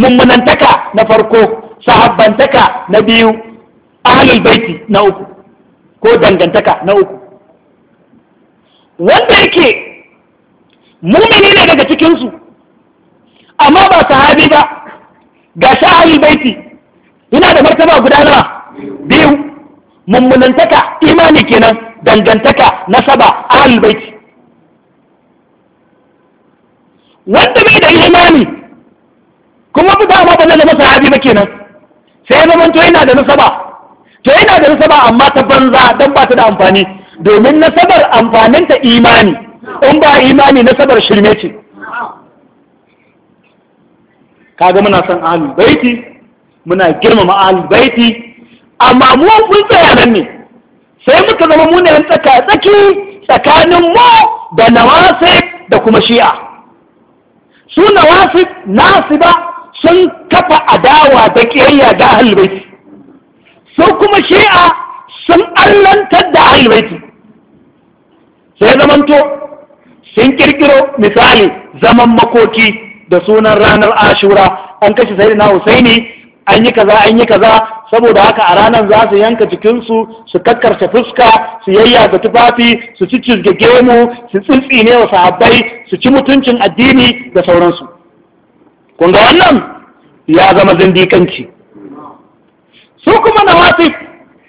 mummunantaka na farko sahabbantaka na biyu ahlul na uku ko dangantaka na uku wanda yake mumini ne daga cikinsu amma ba sahabi ba ga shi baiti yana da martaba guda nawa biyu mummunantaka imani kenan dangantaka nasaba ahlul baiti wanda bai da imani kuma ba dama ba masa ba kenan sai ya zama to yana da nasaba to yana da nasaba amma ta banza dan ba ta da amfani domin nasabar amfaninta imani in ba imani nasabar shirme ce kaga muna son ahlul baiti muna girmama ahlul baiti amma mu kun tsaya nan ne sai muka zama mu ne tsaka tsaki tsakanin mu da nawasib da kuma shi'a su nawasib ba sun kafa adawa da kiyayya ga ahlul baiti su kuma shi'a sun allantar da ahlul baiti sai zamanto sun kirkiro misali zaman makoki da sunan ranar ashura an kashe sai na husaini an yi kaza an yi kaza saboda haka a ranar za su yanka jikinsu su kakkarce fuska su yayya da tufafi su ci gemu su tsintsine wa sahabbai su ci mutuncin addini da sauransu kun ga wannan ya zama zindikanci su kuma na wasif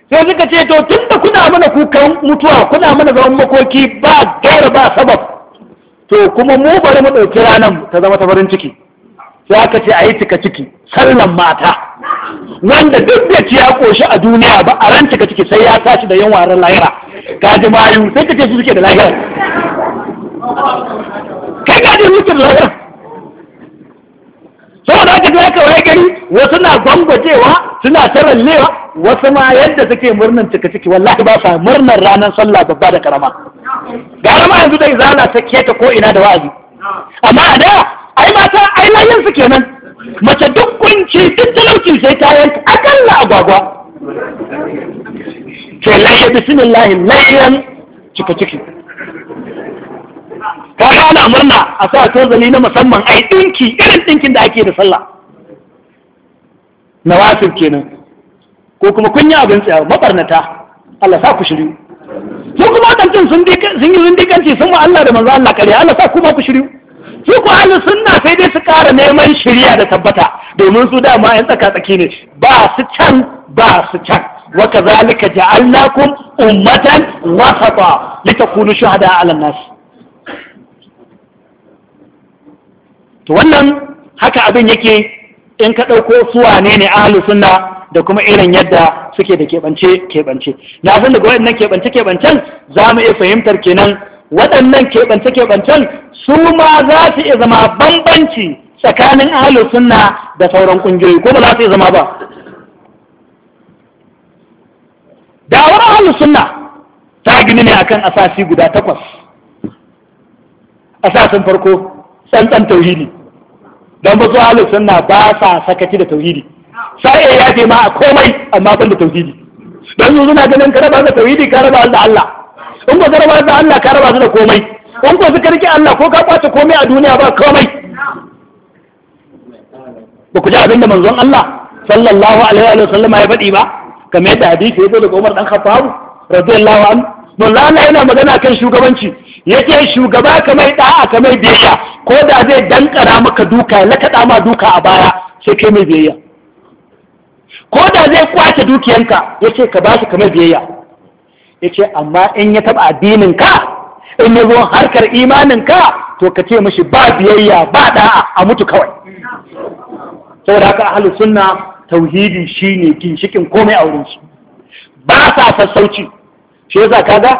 sai suka ce to tunda da kuna mana kukan mutuwa kuna mana zaman makoki ba gaira ba sabab to kuma mu bari mu ɗauki ranar ta zama ta farin ciki sai aka ce a yi cika ciki sallan mata wanda duk da ci ya ƙoshi a duniya ba a ran cika ciki sai ya tashi da yawan ran lahira ka ji mayu sai ka ce su suke da lahira kai ka ji suke da lahira saboda haka da aka waye gari wasu na gwangwajewa suna tarallewa wasu ma yadda suke murnan cika ciki wallahi ba sa murnar ranar sallah babba da karama Garama yanzu dai zana ta keta ko ina da wa'azi amma a da ai mata ai layin su kenan mace duk kunci duk talauci sai ta yanka akalla agwagwa ke lahi bismillah lahiyan cika ciki ka ana murna a sa tozali na musamman ai dinki irin dinkin da ake da sallah nawafil kenan ko kuma kun yi abin tsaya mabarnata Allah sa ku shiryu su kuma wadancan sun yi zindikanci sun wa Allah da manzo Allah kare Allah sa kuma ku shiryu su ku ahlus sunna sai dai su ƙara neman shari'a da tabbata domin su dama yan tsaka tsaki ne ba su can ba su can wa kazalika ja'alnakum ummatan wasata litakunu shuhada 'ala nas to wannan haka abin yake in ka ɗauko suwa ne ne a sunna da kuma irin yadda suke da keɓance keɓance na san daga waɗannan keɓance keɓancen za mu iya fahimtar kenan waɗannan keɓance keɓancen su ma za su iya zama bambanci tsakanin a sunna da sauran ƙungiyoyi ko ba za su iya zama ba dawar ahalu sunna ta gini ne akan asasi guda takwas asasin farko tsantsan tauhidi don ba su ahlus sunna ba sa sakaci da tauhidi sai ya ce ma a komai amma ban da tauhidi don yanzu na ganin karaba da tauhidi karaba da Allah in ba karaba da Allah karaba da komai in ko su karki Allah ko ka kwace komai a duniya ba komai ba ku ji abin da manzon Allah sallallahu alaihi wa sallam ya faɗi ba kamar yadda hadisi ya zo da Umar dan Khattab radiyallahu anhu manzon Allah yana magana kan shugabanci yake shugaba kamar da'a kamar biyayya ko da zai dankara maka duka ya lakaɗa ma duka a baya sai kai mai biyayya ko da zai kwace dukiyanka ce ka bashi kamar biyayya yace amma in ya taba addinin ka in ya zo harkar imanin ka to ka ce mashi ba biyayya ba da'a a mutu kawai saboda haka ahalu sunna tauhidi shine ginshikin komai a wurin shi ba sa sassauci shi yasa kaga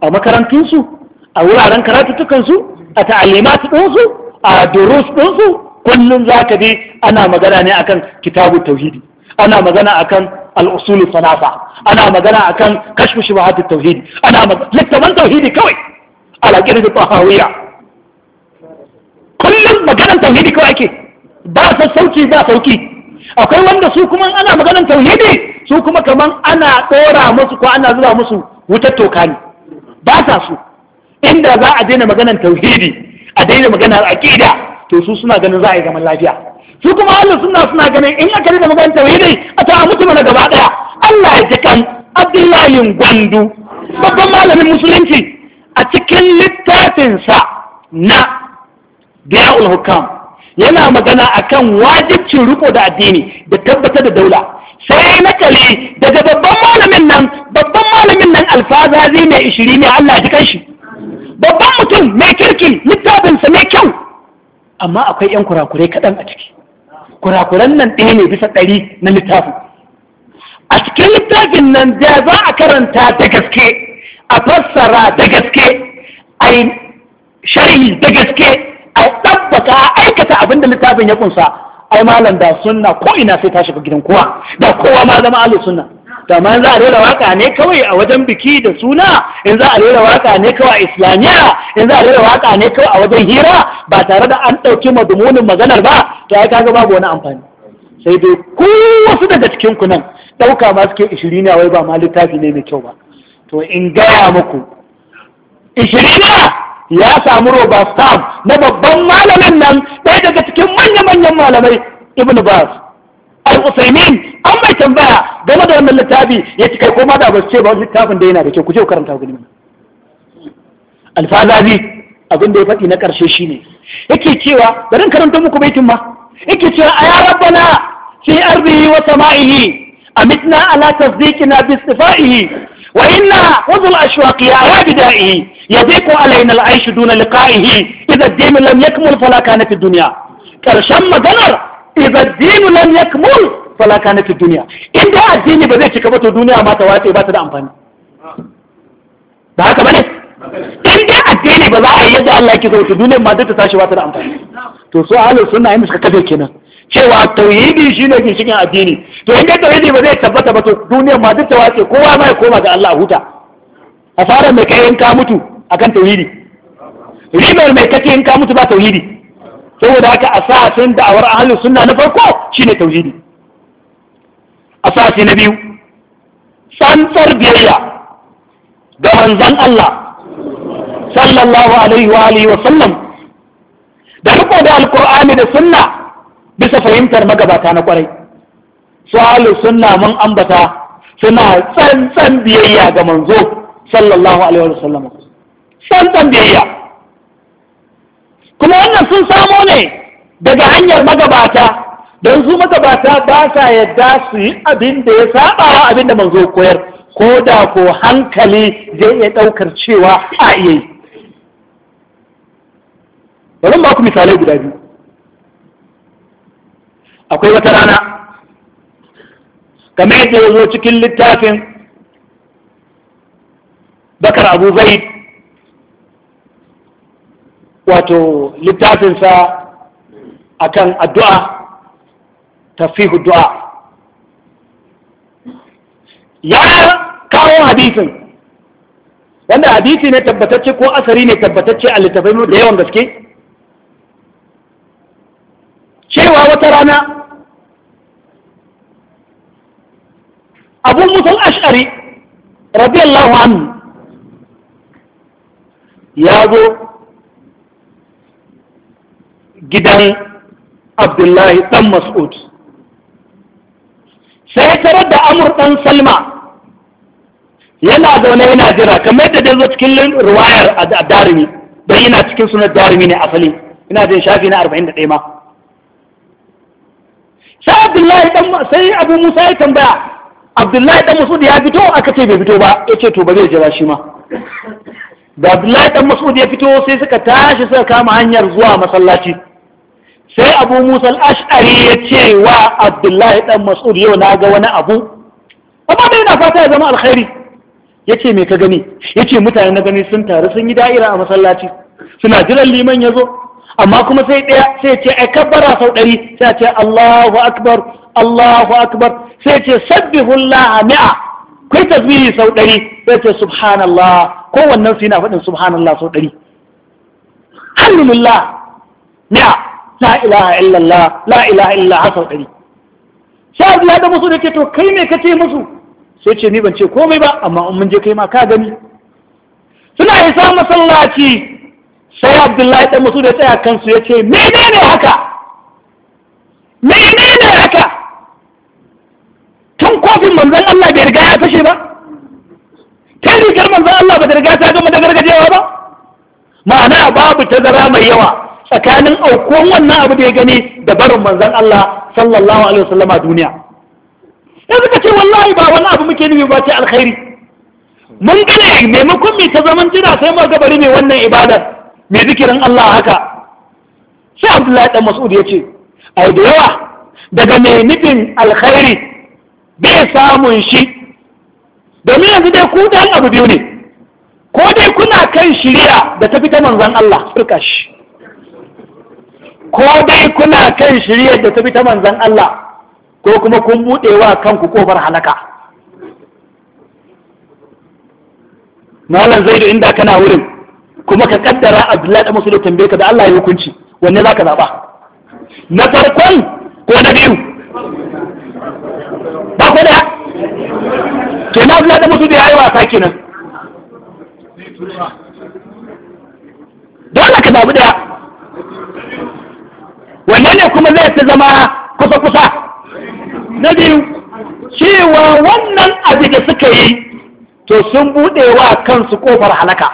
a makarantunsu a wuraren karatuttukansu a ta'alimat ɗinsu a durus ɗinsu kullum za ka bi ana magana ne akan kitabu tauhidi ana magana akan al'usulu sanafa ana magana akan kashfu shubahatu tauhidi ana littaman tauhidi kawai ala kirdi tahawiyya kullum maganan tauhidi kawai ake ba sa sassauci ba sauki akwai wanda su kuma ana maganan tauhidi su kuma kaman ana ɗora musu ko ana zuba musu wutar toka ne ba sa su inda za a daina maganar tauhidi a daina maganar aqida to su suna ganin za a yi zaman lafiya su kuma Allah suna suna ganin in aka daina maganar tauhidi a ta mutu mana gaba daya Allah ya jikan Abdullahi Gwandu babban malamin musulunci a cikin littafinsa na Diya'ul Hukam yana magana akan wajibcin riko da addini da tabbatar da daula sai na kare daga babban malamin nan babban malamin nan alfazazi mai ishiri ne Allah ji kanshi babban mutum mai kirki littafinsa mai kyau amma akwai 'yan kurakurai kaɗan a ciki kurakuran nan ɗaya ne bisa ɗari na littafin a cikin littafin nan da za a karanta da gaske a fassara da gaske a yi sharhi da gaske a ɗabbaka a aikata abin da littafin ya kunsa ai malam da sunna ko ina sai ta shiga gidan kowa da kowa ma zama alu sunna amma za a rera waka ne kawai a wajen biki da suna in za a rera waka ne kawai a islamiya in za a rera waka ne kawai a wajen hira ba tare da an ɗauki madumunin maganar ba to ya kaga babu wani amfani sai dai ku wasu daga cikin ku nan ɗauka ma suke ishirina wai ba ma littafi ne mai kyau ba to in gaya muku ishirina ya samu roba stamp na babban malamin nan ɗaya daga cikin manya-manyan malamai ibn bas المسلمين أم ما يتنبه قام دعنا من التابي يتكي قوما دعوا الشيب وزي التابن دينا بيشو كجو كرم تاو قلنا الفاذا ذي أقول دي فتي نكر شيشيني إكي تيوا برن كرم تمو كبيت ما إكي تيوا يا ربنا في أرضه وسمائه أمتنا على تصديقنا باستفائه وإنا وذو الأشواق يا وابدائه يضيق علينا العيش دون لقائه إذا الدين لم يكمل فلا كانت الدنيا كرشم دنر idan dinu lam yakmul fala kanat dunya in da addini ba zai cika ba to duniya ma ta wace ba ta da amfani ba haka bane in da addini ba za a yi yadda Allah yake so to duniya ma duk ta tashi ba ta da amfani to so ahlus sunna yin suka kaje kenan cewa tauhidi shine ginshikin addini to in da tauhidi ba zai tabbata ba to duniya ma duk ta wace kowa ma ya koma ga Allah huta A fara mai kai in ka mutu akan tauhidi ribar mai kake in ka mutu ba tauhidi saboda haka asasin da'awar ahlus suna na farko shine tauhidi asasi na biyu tsantsar biyayya ga manzon Allah sallallahu alaihi wa alihi wa sallam da riko da alqur'ani da sunna bisa fahimtar magabata na kwarai su ahlus sunna mun ambata suna tsantsan biyayya ga manzo sallallahu alaihi wa sallam tsantsan biyayya kuma wannan sun samo ne daga hanyar magabata don su magabata ba sa yadda su yi abin da ya saba wa abin da manzo koyar ko da ko hankali zai iya ɗaukar cewa a iya yi bari ba ku misalai guda biyu akwai wata rana kamar yadda ya zo cikin littafin bakar abu zai wato littafinsa akan addu'a ta tafihu du'a ya kawo hadisin wanda hadisi ne tabbatacce ko asari ne tabbatacce a littafin da yawan gaske cewa wata rana abu musul ash'ari radiyallahu anhu ya zo gidan abdullahi ɗan mas'ud sai tarar da amur ɗan salma yana zaune yana jira kamar da dai zo cikin ruwayar a darimi don yana cikin sunar darimi ne asali ina jin shafi na 41 ma sai abdullahi ɗan sai abu musa ya tambaya abdullahi ɗan mas'ud ya fito aka ce bai fito ba ya ce to ba zai jira shi ma da abdullahi ɗan mas'ud ya fito sai suka tashi suka kama hanyar zuwa masallaci sai abu musa al'ashari ya ce wa abdullahi ɗan mas'ud yau na ga wani abu amma dai na fata ya zama alkhairi ya ce me ka gani ya ce mutane na gani sun taru sun yi da'ira a masallaci suna jiran liman ya zo amma kuma sai ɗaya sai ce ai kabbara sau ɗari sai ce allahu akbar allahu akbar sai ce sabbihullah ni'a. kai tasbihi sau ɗari sai ce subhanallah kowannen su yana faɗin subhanallah sau ɗari hallulillah ni'a. la ilaha illallah la ilaha ɗari da to kai ce ni ban ce komai ba amma in mun je kai ma ka gani suna isa masallaci sai abdullahi ɗan da tsaya kansu ya ce menene haka menene haka kan kofin Allah bai riga ya ba rigar manzan Allah ba riga ta gama gargajewa ba ma'ana babu tazara mai yawa tsakanin aukuwan wannan abu da ya gani da barin manzan Allah sallallahu alaihi wasallama duniya sai suka ce wallahi ba wani abu muke nufi ba ce alkhairi mun gane maimakon mai ta zaman jira sai mu bari mai wannan ibadar mai zikirin Allah haka sai Abdullahi dan Mas'ud ya ce ai da yawa daga mai nufin alkhairi bai samun shi domin yanzu dai ku da abu biyu ne ko dai kuna kan shirya da tafi ta manzon Allah furka shi ko dai kuna kan shirye da ta bi ta manzan Allah ko kuma kun buɗewa kanku kofar halaka malam zaidu inda kana wurin kuma ka kaddara abdullahi da musulun tambaye ka da Allah ya hukunci wanne za ka zaɓa na farkon ko na biyu ba ku da ke na abdullahi da musulun ya yi wasa kenan dole ka zaɓi da wanne ne kuma zai fi zama kusa-kusa na biyu cewa wannan abin da suka yi to sun buɗe wa kansu ƙofar halaka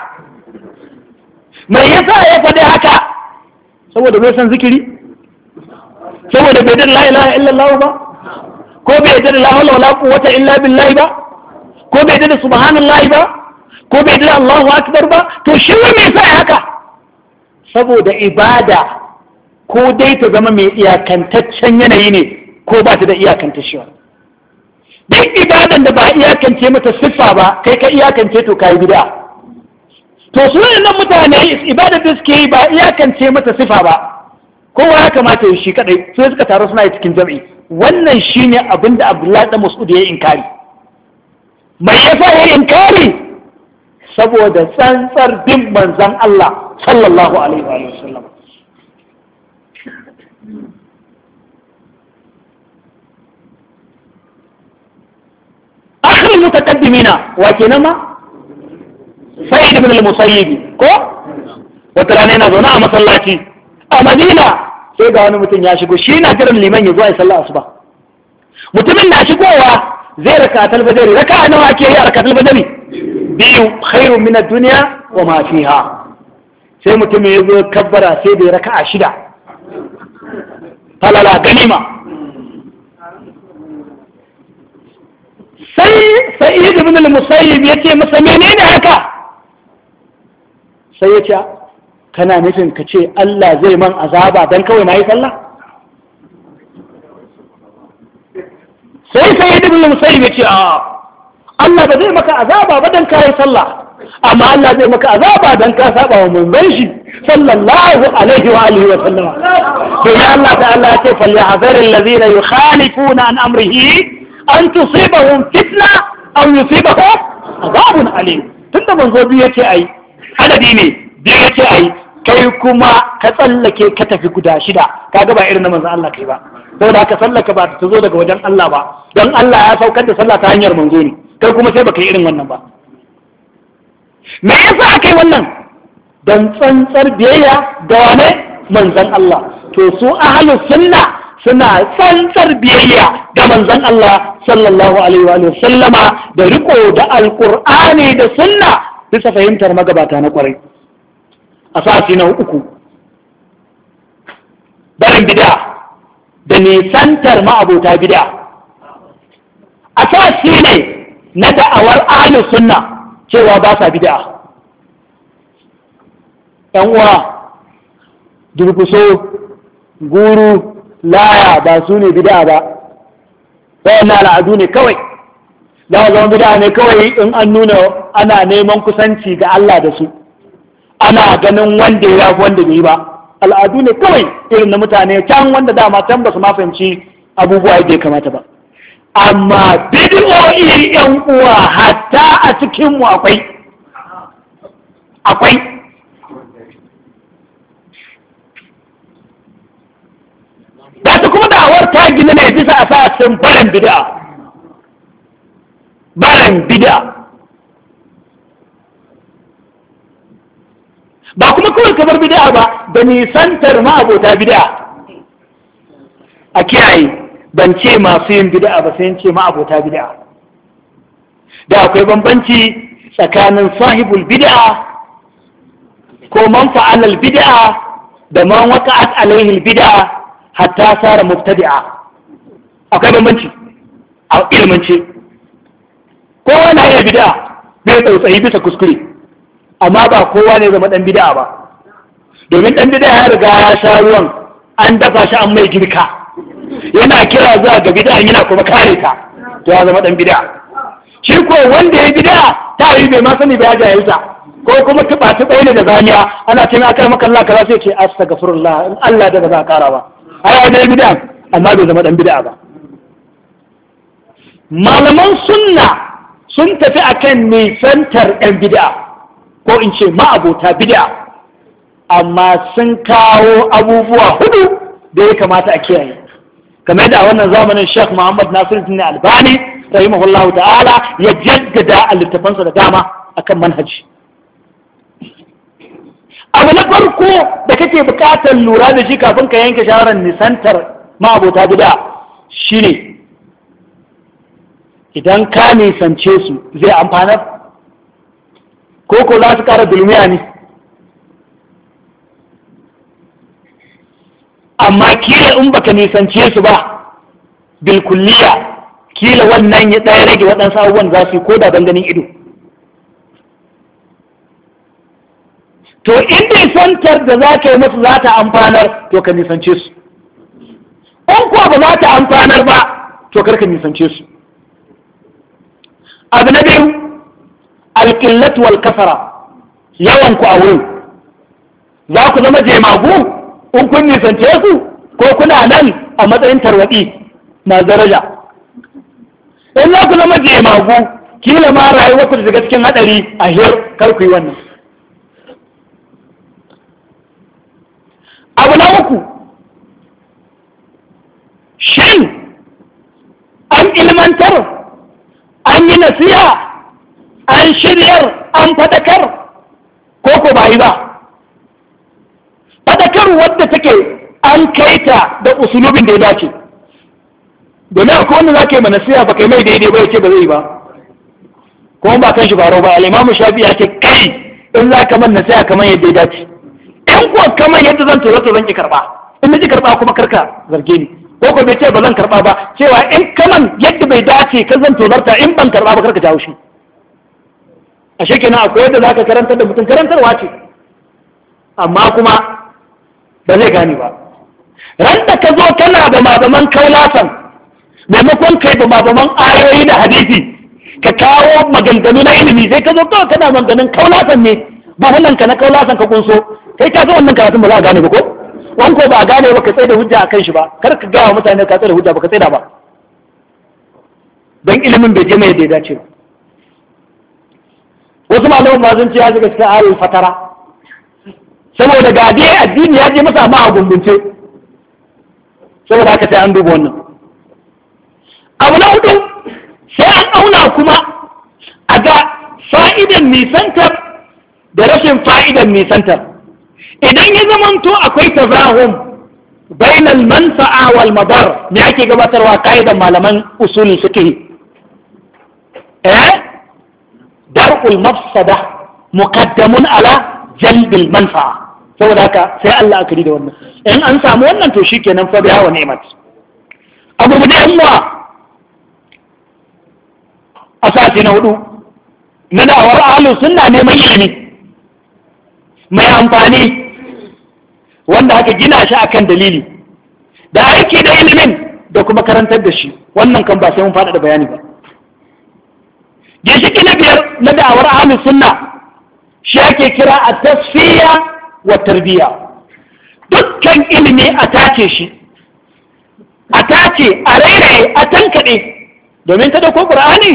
mai yasa ya faɗi haka saboda bai san zikiri saboda bai dan la ilaha illallah ba ko bai dan la hawla wala quwwata illa billahi ba ko bai dan subhanallah ba ko bai dan Allahu akbar ba to shi me yasa haka saboda ibada ko dai ta zama mai iyakantaccen yanayi ne ko ba ta da iyakantacewa duk ibadan da ba iyakance mata siffa ba kai ka iyakance to kayi bid'a to su nan mutane ibadar da suke yi ba iyakance mata siffa ba kowa ya kamata ya shi kadai sai suka taru suna yi cikin jam'i wannan shine abin da Abdullahi da Mas'ud ya yi inkari mai yasa ya yi inkari saboda tsantsar bin manzon Allah sallallahu alaihi wa sallam min mutaqaddimina wa kenan ma sa'id ibn al ko wata rana yana zaune a masallaci a sai ga wani mutum ya shigo shi na jiran liman ya zo ya sallah asuba mutumin na shigowa zai raka talbadari raka nawa ake yi a raka talbadari biyu khairun min ad-dunya wa ma fiha sai mutumin ya zo kabbara sai da raka a shida falala ganima sai sa'id ibn al-musayyib yace masa menene haka sai ya ce kana nufin ka ce Allah zai man azaba dan kawai nayi sallah sai sa'id ibn al-musayyib yace a Allah ba zai maka azaba ba dan kawai sallah amma Allah zai maka azaba dan ka saba wa mun shi sallallahu alaihi wa alihi wa sallama sai Allah ta'ala ya ce falyahzar alladhina yukhalifuna an amrihi an tusibahum fitna aw yusibahum azabun alim tunda manzo biyu yake ai adadi ne biyu yake ai kai kuma ka tsallake ka tafi guda shida kaga ba irin na manzo Allah kai ba saboda aka tsallaka ba ta zo daga wajen Allah ba don Allah ya saukar da sallah ta hanyar manzo ne kai kuma sai baka yi irin wannan ba me yasa yi wannan dan tsantsar biyayya Da wane manzon Allah to su ahlus sunna suna tsantsar biyayya ga manzon Allah sallallahu alaihi wa sallama da riko da alkur'ani da sunna bisa fahimtar magabata na kwarai asasi na uku barin bid'a da nisantar ma'abota bid'a asasi ne na ta'awar ahlus sunna cewa ba sa bid'a yan uwa durkuso guru laya ba su ne bid'a ba na al'adu ne kawai za zama bid'a ne kawai in an nuna ana neman kusanci ga Allah da su ana ganin wanda ya fi wanda bai ba al'adu ne kawai irin na mutane can wanda dama can ba su ma fahimci abubuwa yadda ya kamata ba amma bid'o'i yan uwa hatta a cikinmu akwai akwai ta gina ne bisa cikin barin bid'a barin bid'a ba kuma kawai kamar bid'a ba da nisantar abota bid'a a kiyaye ban ce masu yin bid'a ba sai ce ma abota bid'a da akwai bambanci tsakanin sahibul bid'a ko man bid'a da man waka'at alaihi bid'a hatta sara mubtadi'a akwai bambanci a ilimance kowa na iya bid'a bai tsautsayi bisa kuskure amma ba kowa ne zama dan bid'a ba domin dan bid'a ya riga ya sha ruwan an dafa shi an mai girka yana kira zuwa ga bid'a yana kuma kare ta to ya zama dan bid'a shi ko wanda ya bid'a ta yi bai ma sani ba ya sa ko kuma tuba tuba ne da zaniya ana cewa na maka Allah kaza sai ce astaghfirullah in Allah da ba za ka kara ba har ya bid'a amma bai zama dan bid'a ba malaman sunna sun tafi akan nisantar yan bid'a ko in ce ma'abota bid'a amma sun kawo abubuwa hudu da ya kamata a kiyaye kamar yadda a wannan zamanin Sheikh Muhammad Nasiruddin Albani rahimahullahu ta'ala ya jaddada a littafansa da dama akan manhaji abu na farko da kake bukatar lura da shi kafin ka yanke shawarar nisantar ma'abota shi shine idan ka nisance su zai amfanar ko ko za su kara dulmiya ne amma kila in baka nisance su ba bilkuliya, kila wannan ya ɗaya rage waɗansu abubuwan za su yi ko da ganin ido to in santar da za ka yi musu za ta amfanar to ka nisance su in kuwa ba za ta amfanar ba to kar ka nisance su abu na biyu alƙillatu wal yawan ku a wurin za ku zama jemagu in kun nisance su ko kuna nan a matsayin tarwaɗi na daraja in za ku zama jemagu kila ma rayuwar ku daga cikin haɗari a hir kar ku yi wannan ku shin an ilmantar an yi nasiya an shiryar an fadakar ko ko ba yi ba fadakar wadda take an kai da usulubin da ya dace domin a wanda za ka yi ma nasiya ba kai mai daidai ba ya ce ba zai ba kuma ba kan shi faro ba al'imamu shafi ya ce kai in za ka man nasiya kamar yadda ya dace in kuwa kamar yadda zan tura to zan ki karba in ji karba kuma karka zarge ni ko ko bai ce ba zan karba ba cewa in kaman yadda bai dace ka zan tonarta in ban karba ba karka jawo shi a kenan akwai yadda zaka karantar da mutum karantarwa ce amma kuma ba zai gane ba ran da ka zo kana da mazaman kaulatan maimakon kai da mazaman ayoyi da hadisi ka kawo maganganu na ilimi sai ka zo kana maganganun kaulatan ne ba wannan ka na san ka kunso kai ka san wannan karatun ba za a gane ba ko wan ko ba a gane ba ka tsaye da hujja a shi ba kar ka gawa mutane ka tsaye da hujja ba ka tsaye ba don ilimin bai je mai da ya dace ba wasu malamin ma sun ce ya shiga cikin ayoyin fatara saboda ga dai addini ya je masa ma a gumbunce saboda haka sai an duba wannan abu na hudu sai an auna kuma a ga fa'idan nisantar da rashin fa'idan nisantar idan ya zamanto akwai tazahum bainal manfa'a wal madar me ake gabatarwa ka'idan malaman usuli suke eh dar'ul mafsada muqaddamun ala jalbil manfa'a saboda haka sai Allah akari da wannan in an samu wannan to shikenan fa biya wa ni'mat abu da Allah a sati na hudu na da'awar ahlus sunna neman ilimi mai amfani wanda aka gina shi akan dalili da aiki da ilimin da kuma karantar da shi wannan kan ba sai mun da bayani ba ginshiki na biyar na da'awar ahlus sunna shi ake kira a tasfiya wa tarbiya dukkan ilimi a tace shi a tace a rairaye a tankaɗe domin ta ko ƙur'ani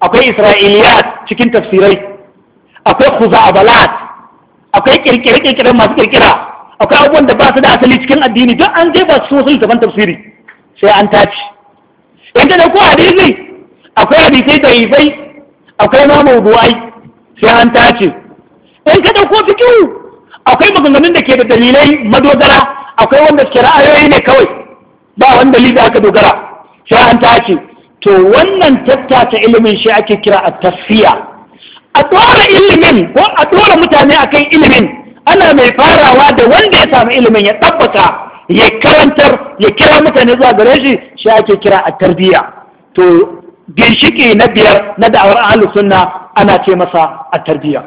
akwai isra'iliyat cikin tafsirai akwai khuzabalat akwai kirkire kirkire masu kirkira akwai abubuwan da ba su da asali cikin addini don an je ba su sun gaban tafsiri sai an tace yadda da ko hadisi akwai hadisai da ifai akwai ma mawdu'ai sai an tace in ka dauko fikin akwai maganganun da ke da dalilai madogara akwai wanda suke ra'ayoyi ne kawai ba wani dalili aka dogara sai an tace to wannan tattata ilimin shi ake kira a tafiya a dora ilimin ko a dora mutane a kan ilimin ana mai farawa da wanda ya samu ilimin ya tabbata ya karantar ya kira mutane zuwa gare shi shi ake kira a tarbiyya to ginshiki na biyar na da'awar ahlus sunna ana ce masa a tarbiyya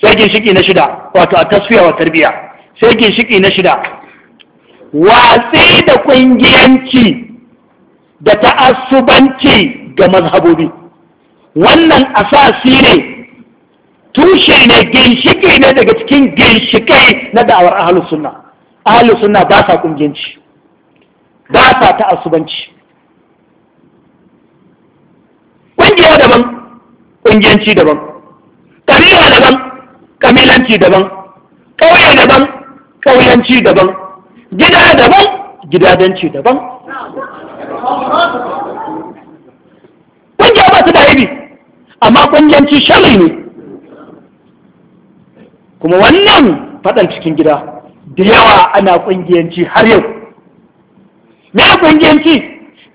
sai ginshiki na shida wato a tasfiya wa tarbiyya sai ginshiki na shida watsi da kungiyanci da ta'asubanci ga mazhabobi wannan asasi ne tushe ne ginshike ne daga cikin ginshike na da'awar ahlus suna. ahlus suna ba sa kungiyanci ba sa ta'assubanci kungiya daban kungiyanci daban kabila daban kabilanci daban kauye daban kauyanci daban gida daban gidadanci daban kungiya ba su da aibi amma kungiyanci sharri ne kuma wannan faɗan cikin gida da yawa ana ƙungiyanci har yau me kungiyanci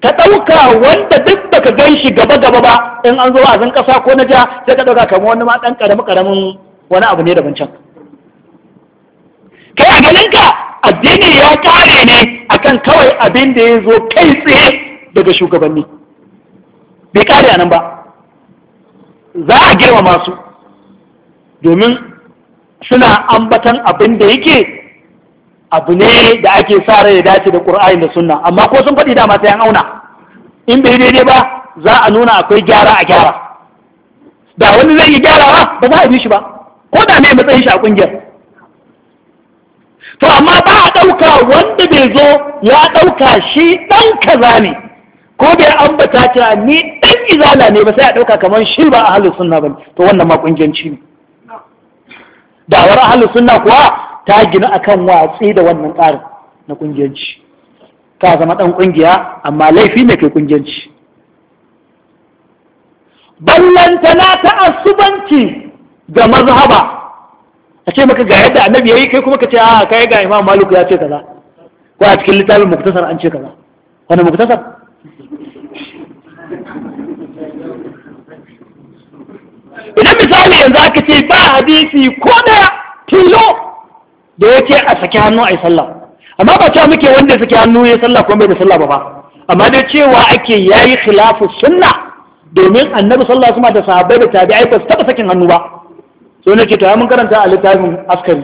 ka ɗauka wanda duk baka gan shi gaba gaba ba in an zo a zan ƙasa ko na ja sai ka ɗauka kamar wani ma ɗan ƙaramin ƙaramin wani abu ne daban can kai a ganinka addini ya ƙare ne akan kawai abin da ya zo kai tsaye daga shugabanni bai ƙare a nan ba za a girmama su domin suna ambatan abin da yake abu ne da ake sa rai ya dace da ƙur'ani da sunna amma ko sun faɗi dama sai an auna in bai daidai ba za a nuna akwai gyara a gyara da wani zai yi gyarawa ba za a bi shi ba ko da ne matsayin shi a ƙungiyar to amma ba a ɗauka wanda bai zo ya ɗauka shi ɗan kaza ne ko da ya ambata ta ni dan izala ne ba sai a dauka kamar shi ba ahlus sunna bane to wannan ma kungiyanci ne dawar ahlus sunna kuwa ta gina akan watsi da wannan tsarin na kungiyanci ka zama dan kungiya amma laifi ne kai kungiyanci ballantana ta asubanci ga mazhaba a ce maka ga yadda annabi yayi kai kuma ka ce a ah, kai ga imam malik ya ce kaza ko a cikin littafin muktasar an ce kaza wannan muktasar misali yanzu aka ce ba hadisi ko da tilo da yake a saki hannu a yi sallah amma ba cewa muke wanda ya saki hannu ya sallah ko bai da sallah ba ba amma dai cewa ake yayi khilafu sunna domin annabi sallallahu alaihi wasallam da sahabbai da tabi'ai ba su taba sakin hannu ba so ne ce to mun karanta a littafin askari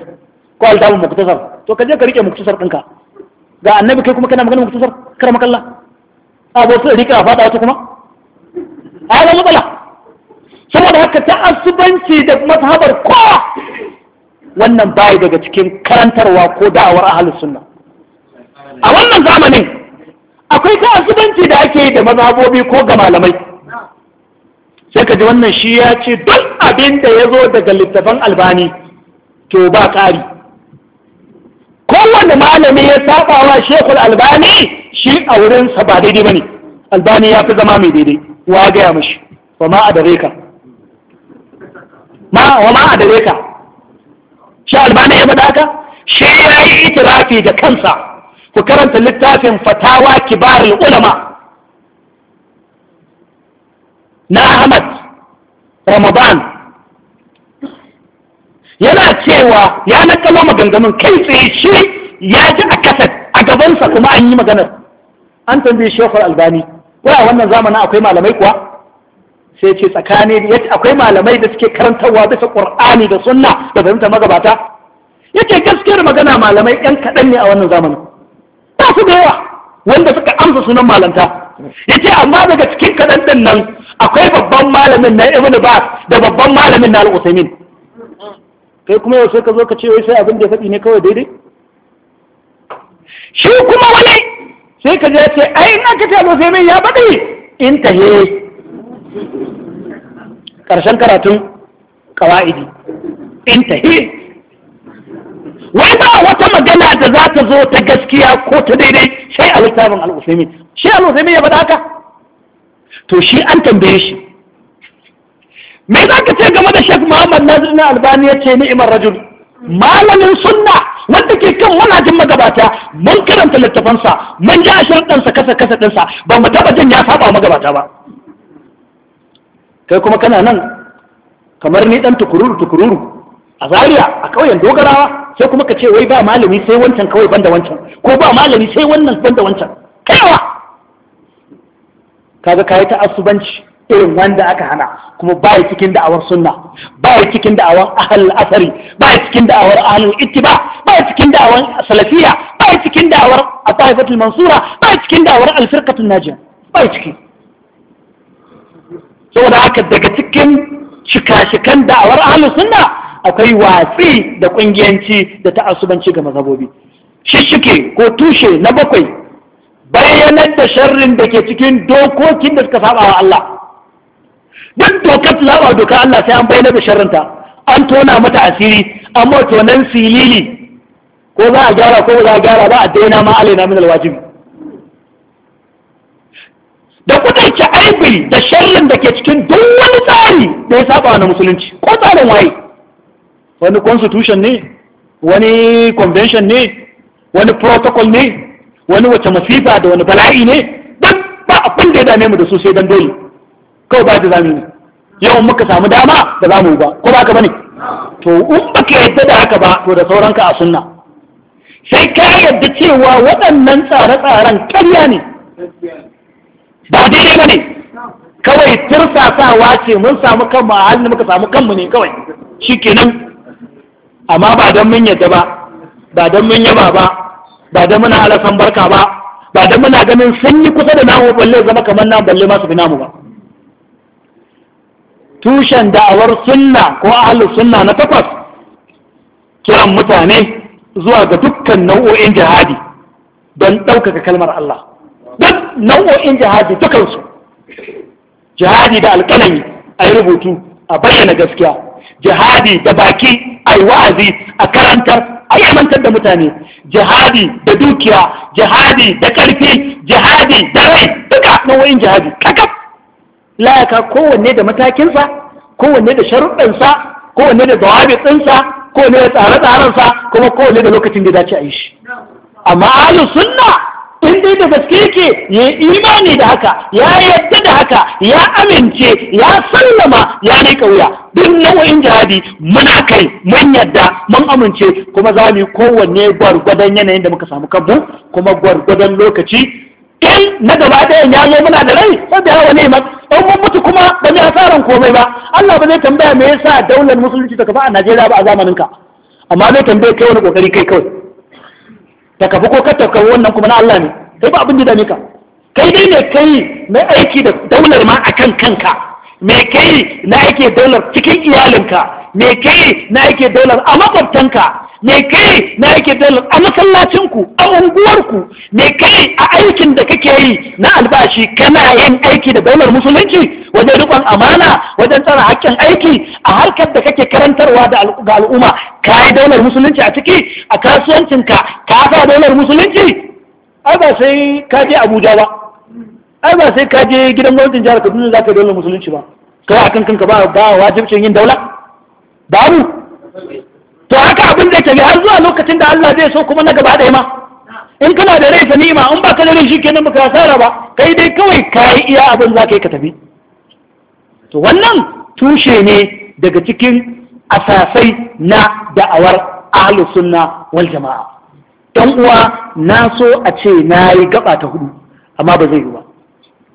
ko littafin muktasar to ka je ka rike muktasar ɗinka ga annabi kai kuma kana magana muktasar kar makalla a sai su rika fada wata kuma a wani bala saboda haka ta'assubanci da mazhabar kowa wannan bai daga cikin karantarwa ko da'awar ahlus sunna a wannan zamanin akwai ta'assubanci da ake yi da mazhabobi ko ga malamai sai ka ji wannan shi ya ce duk abin da ya zo daga littafan albani to ba kari kowane malami ya saba wa shekul albani shi a wurinsa ba daidai ba ne albani ya fi zama mai daidai wa gaya mashi ba ma a dare ka ma wa ma adare ka shi albani ya faɗa ka shi ya yi itirafi da kansa ku karanta littafin fatawa kibarul ulama na ahmad ramadan yana cewa ya nakalo maganganun kai tsaye shi ya ji a kasar a gabansa kuma an yi maganar an tambayi shekul albani ko a wannan zamanin akwai malamai kuwa sai ce tsakanin akwai malamai da suke karantarwa bisa ƙur'ani da sunna da fahimta magabata yace gaskiyar magana malamai ɗan kaɗan ne a wannan zamanin ba su da yawa wanda suka amsa sunan malanta yace amma daga cikin kaɗan ɗin nan akwai babban malamin na ibnu ba da babban malamin na al'usamin kai kuma yau sai ka zo ka ce wai sai abin da ya faɗi ne kawai daidai shi kuma wani sai ka je ce ai in aka ce al ya baɗi in ta ƙarshen karatun ƙawa'idi intahi wata wata magana da za ta zo ta gaskiya ko ta daidai shai a littafin al'usaimin shi al'usaimin ya faɗa haka to shi an tambaye shi me za ka ce game da shek muhammad nazir na albani ya ce ni'imar rajul malamin sunna wanda ke kan manajin magabata mun karanta littafansa mun ji a ɗansa kasa kasa ɗinsa ba mu taɓa jin ya saba magabata ba kai kuma kana nan kamar ni dan tukururu tukururu a Zariya a ƙauyen dogarawa sai kuma ka ce wai ba malami sai wancan kawai banda wancan ko ba malami sai wannan banda wancan kaiwa kaga kayi ta asubanci irin wanda aka hana kuma ba ya cikin da'awar sunna ba ya cikin da'awar ahal asari ba ya cikin da'awar ahal ittiba ba ya cikin da'awar salafiya ba ya cikin da'awar atahifatul mansura ba ya cikin da'awar alfirqatul najiya ba ya cikin saboda haka daga cikin shika-shikan da'awar ahlus sunna akwai watsi da kungiyanci da ta'assubanci ga mazhabobi shishike ko tushe na bakwai bayanar da sharrin da ke cikin dokokin da suka saba wa Allah duk dokar saba doka Allah sai an bayyana da sharrinta an tona mata asiri amma tonan silili ko za a gyara ko za a gyara ba a daina ma alaina min alwajibi da kudurci aibi da sharrin da ke cikin duk wani tsari da ya saba na musulunci ko tsarin waye wani constitution ne wani convention ne wani protocol ne wani wace masifa da wani bala'i ne don ba abin da ya dame mu da su sai dole kawai ba da zamu yau muka samu dama da zamu ba ko ba ka bane to in baka yadda da haka ba to da sauranka a sunna sai ka yadda cewa waɗannan tsare-tsaren ƙarya ne ba daidai ba ne kawai tirsasawa ce mun samu kanmu a halin muka samu kanmu ne kawai shi kenan amma ba don mun yadda ba ba don mun yaba ba ba don muna alasan barka ba ba don muna ganin sun yi kusa da namu balle zama kamar namu balle masu fi namu ba tushen da'awar sunna ko ahlus sunna na takwas kiran mutane zuwa ga dukkan nau'o'in jihadi don ɗaukaka kalmar Allah nau'o'in jihadi dukansu jihadi da alƙalami a yi rubutu a bayyana gaskiya jihadi da baki a yi wa'azi a karantar a yi mantar da mutane jihadi da dukiya jihadi da ƙarfi jihadi da rai duka nau'o'in jihadi kakaf layaka kowanne da matakinsa kowanne da sharuɗansa kowanne da zawabitsinsa kowanne da tsare-tsarensa kuma kowanne da lokacin da dace a yi shi amma ahlus sunna in dai da gaske yake ya imani da haka ya yadda da haka ya amince ya sallama ya ne kauya duk nau'in jihadi muna kai mun yadda mun amince kuma za mu yi kowanne gwargwadon yanayin da muka samu kanmu kuma gwargwadon lokaci in na gaba ɗayan ya zo muna da rai ko da yawa ne ma in mun mutu kuma ba mu asaran komai ba Allah ba zai tambaya me yasa daular musulunci ta kafa a Najeriya ba a zamanin ka amma zai tambaye kai wani kokari kai kawai ta fi ko ka kawo wannan kuma na Allah ne kai ba abin da dame ka kai dai ne kai na aiki da daular ma akan kanka me kai na aiki daular cikin iyalinka me kai na aiki daular a makwabtanka me kai na yake dalil a masallacinku a unguwarku me kai a aikin da kake yi na albashi kana yin aiki da daular musulunci wajen rikon amana wajen tsara hakkin aiki a harkar da kake karantarwa da al'umma ka yi daular musulunci a ciki a kasuwancinka ka sa daular musulunci ai ba sai ka je abuja ba ai ba sai ka je gidan gwamnatin jihar kaduna za ka yi daular musulunci ba kawai akan kanka ba wajibcin yin daula babu to haka abin da zai tafi har zuwa lokacin da Allah zai so kuma na gaba ɗaya ma in kana da rai ta nima in ba ka da rai shi kenan baka tsara ba kai dai kawai yi iya abin za ka yi ka tafi to wannan tushe ne daga cikin asasai na da'awar ahlus sunna wal jama'a dan uwa na so a ce na yi gaba ta hudu amma ba zai yi ba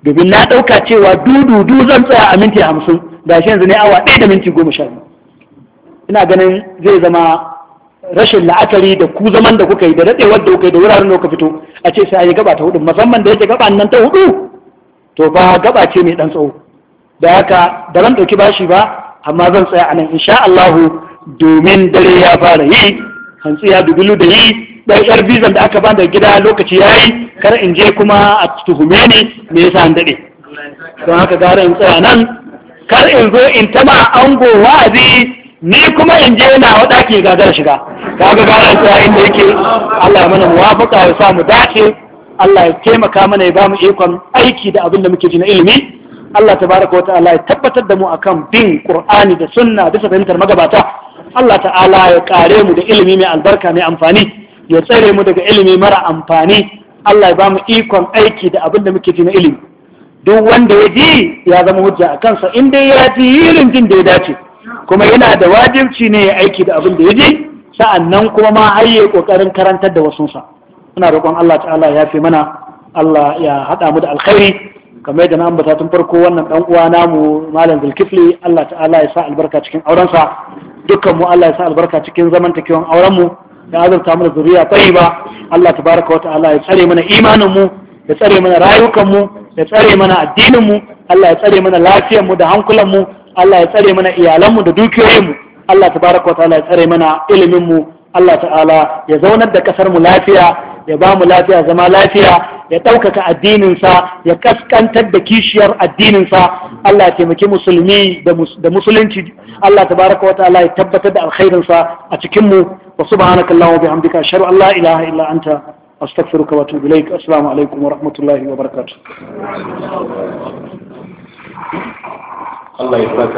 domin na ɗauka cewa dududu zan tsaya a minti hamsin da shi yanzu ne awa ɗaya da minti goma sha biyu ina ganin zai zama rashin la'akari da ku zaman da kuka yi da daɗewar da kuka yi da wuraren da kuka fito a ce sai ayi yi gaba ta hudu musamman da yake gaba nan ta hudu to ba gaba ce mai ɗan tsawo da haka da ran ɗauki bashi ba amma zan tsaya anan. nan insha Allah domin dare ya fara yi hantsi ya da yi ɗan yar bizan da aka ba da gida lokaci ya yi kar in je kuma a tuhume ni me yasa an daɗe don haka gara in tsaya nan kar in zo in tama ango wa'azi ni kuma in je na wata ke gagar shiga kaga gara ta inda yake Allah mana muwafaka ya sa mu dace Allah ya taimaka mana ya ba mu ikon aiki da abin da muke ji ilimi Allah tabaraka wa ta'ala ya tabbatar da mu akan bin Qur'ani da sunna bisa fahimtar magabata Allah ta'ala ya kare mu da ilimi mai albarka mai amfani ya tsare mu daga ilimi mara amfani Allah ya ba mu ikon aiki da abin da muke ji na ilimi duk wanda ya ji ya zama hujja a kansa in dai ya ji yirin jin da ya dace kuma yana da wajibci ne ya aiki da abin da ya ji sa'annan kuma ma har yi kokarin karantar da wasunsa muna roƙon Allah ta'ala ya fi mana Allah ya haɗa mu da alkhairi kamar yadda na ambata tun farko wannan dan uwa namu malam zulkifli Allah ta'ala ya sa albarka cikin aurensa dukkan mu Allah ya sa albarka cikin takewan auren mu Ya azurta mana da zuriya tayyiba Allah tabaraka wa ta'ala ya tsare mana imanin mu ya tsare mana rayukan mu ya tsare mana addinin mu Allah ya tsare mana lafiyar mu da hankulan mu Allah ya tsare mana iyalanmu da dukiyoyinmu Allah tabaraka wa ta'ala ya tsare mana iliminmu Allah ta'ala ya zaunar da kasar mu lafiya ya ba mu lafiya zama lafiya ya ɗaukaka addininsa ya kaskantar da kishiyar addininsa Allah ya taimaki musulmi da musulunci Allah baraka wa ta'ala ya tabbatar da alkhairinsa a cikin mu wa subhanakallahu wa bihamdika ashhadu an la ilaha illa anta astaghfiruka wa atubu ilaik assalamu alaikum wa rahmatullahi wa barakatuh Allah ya saka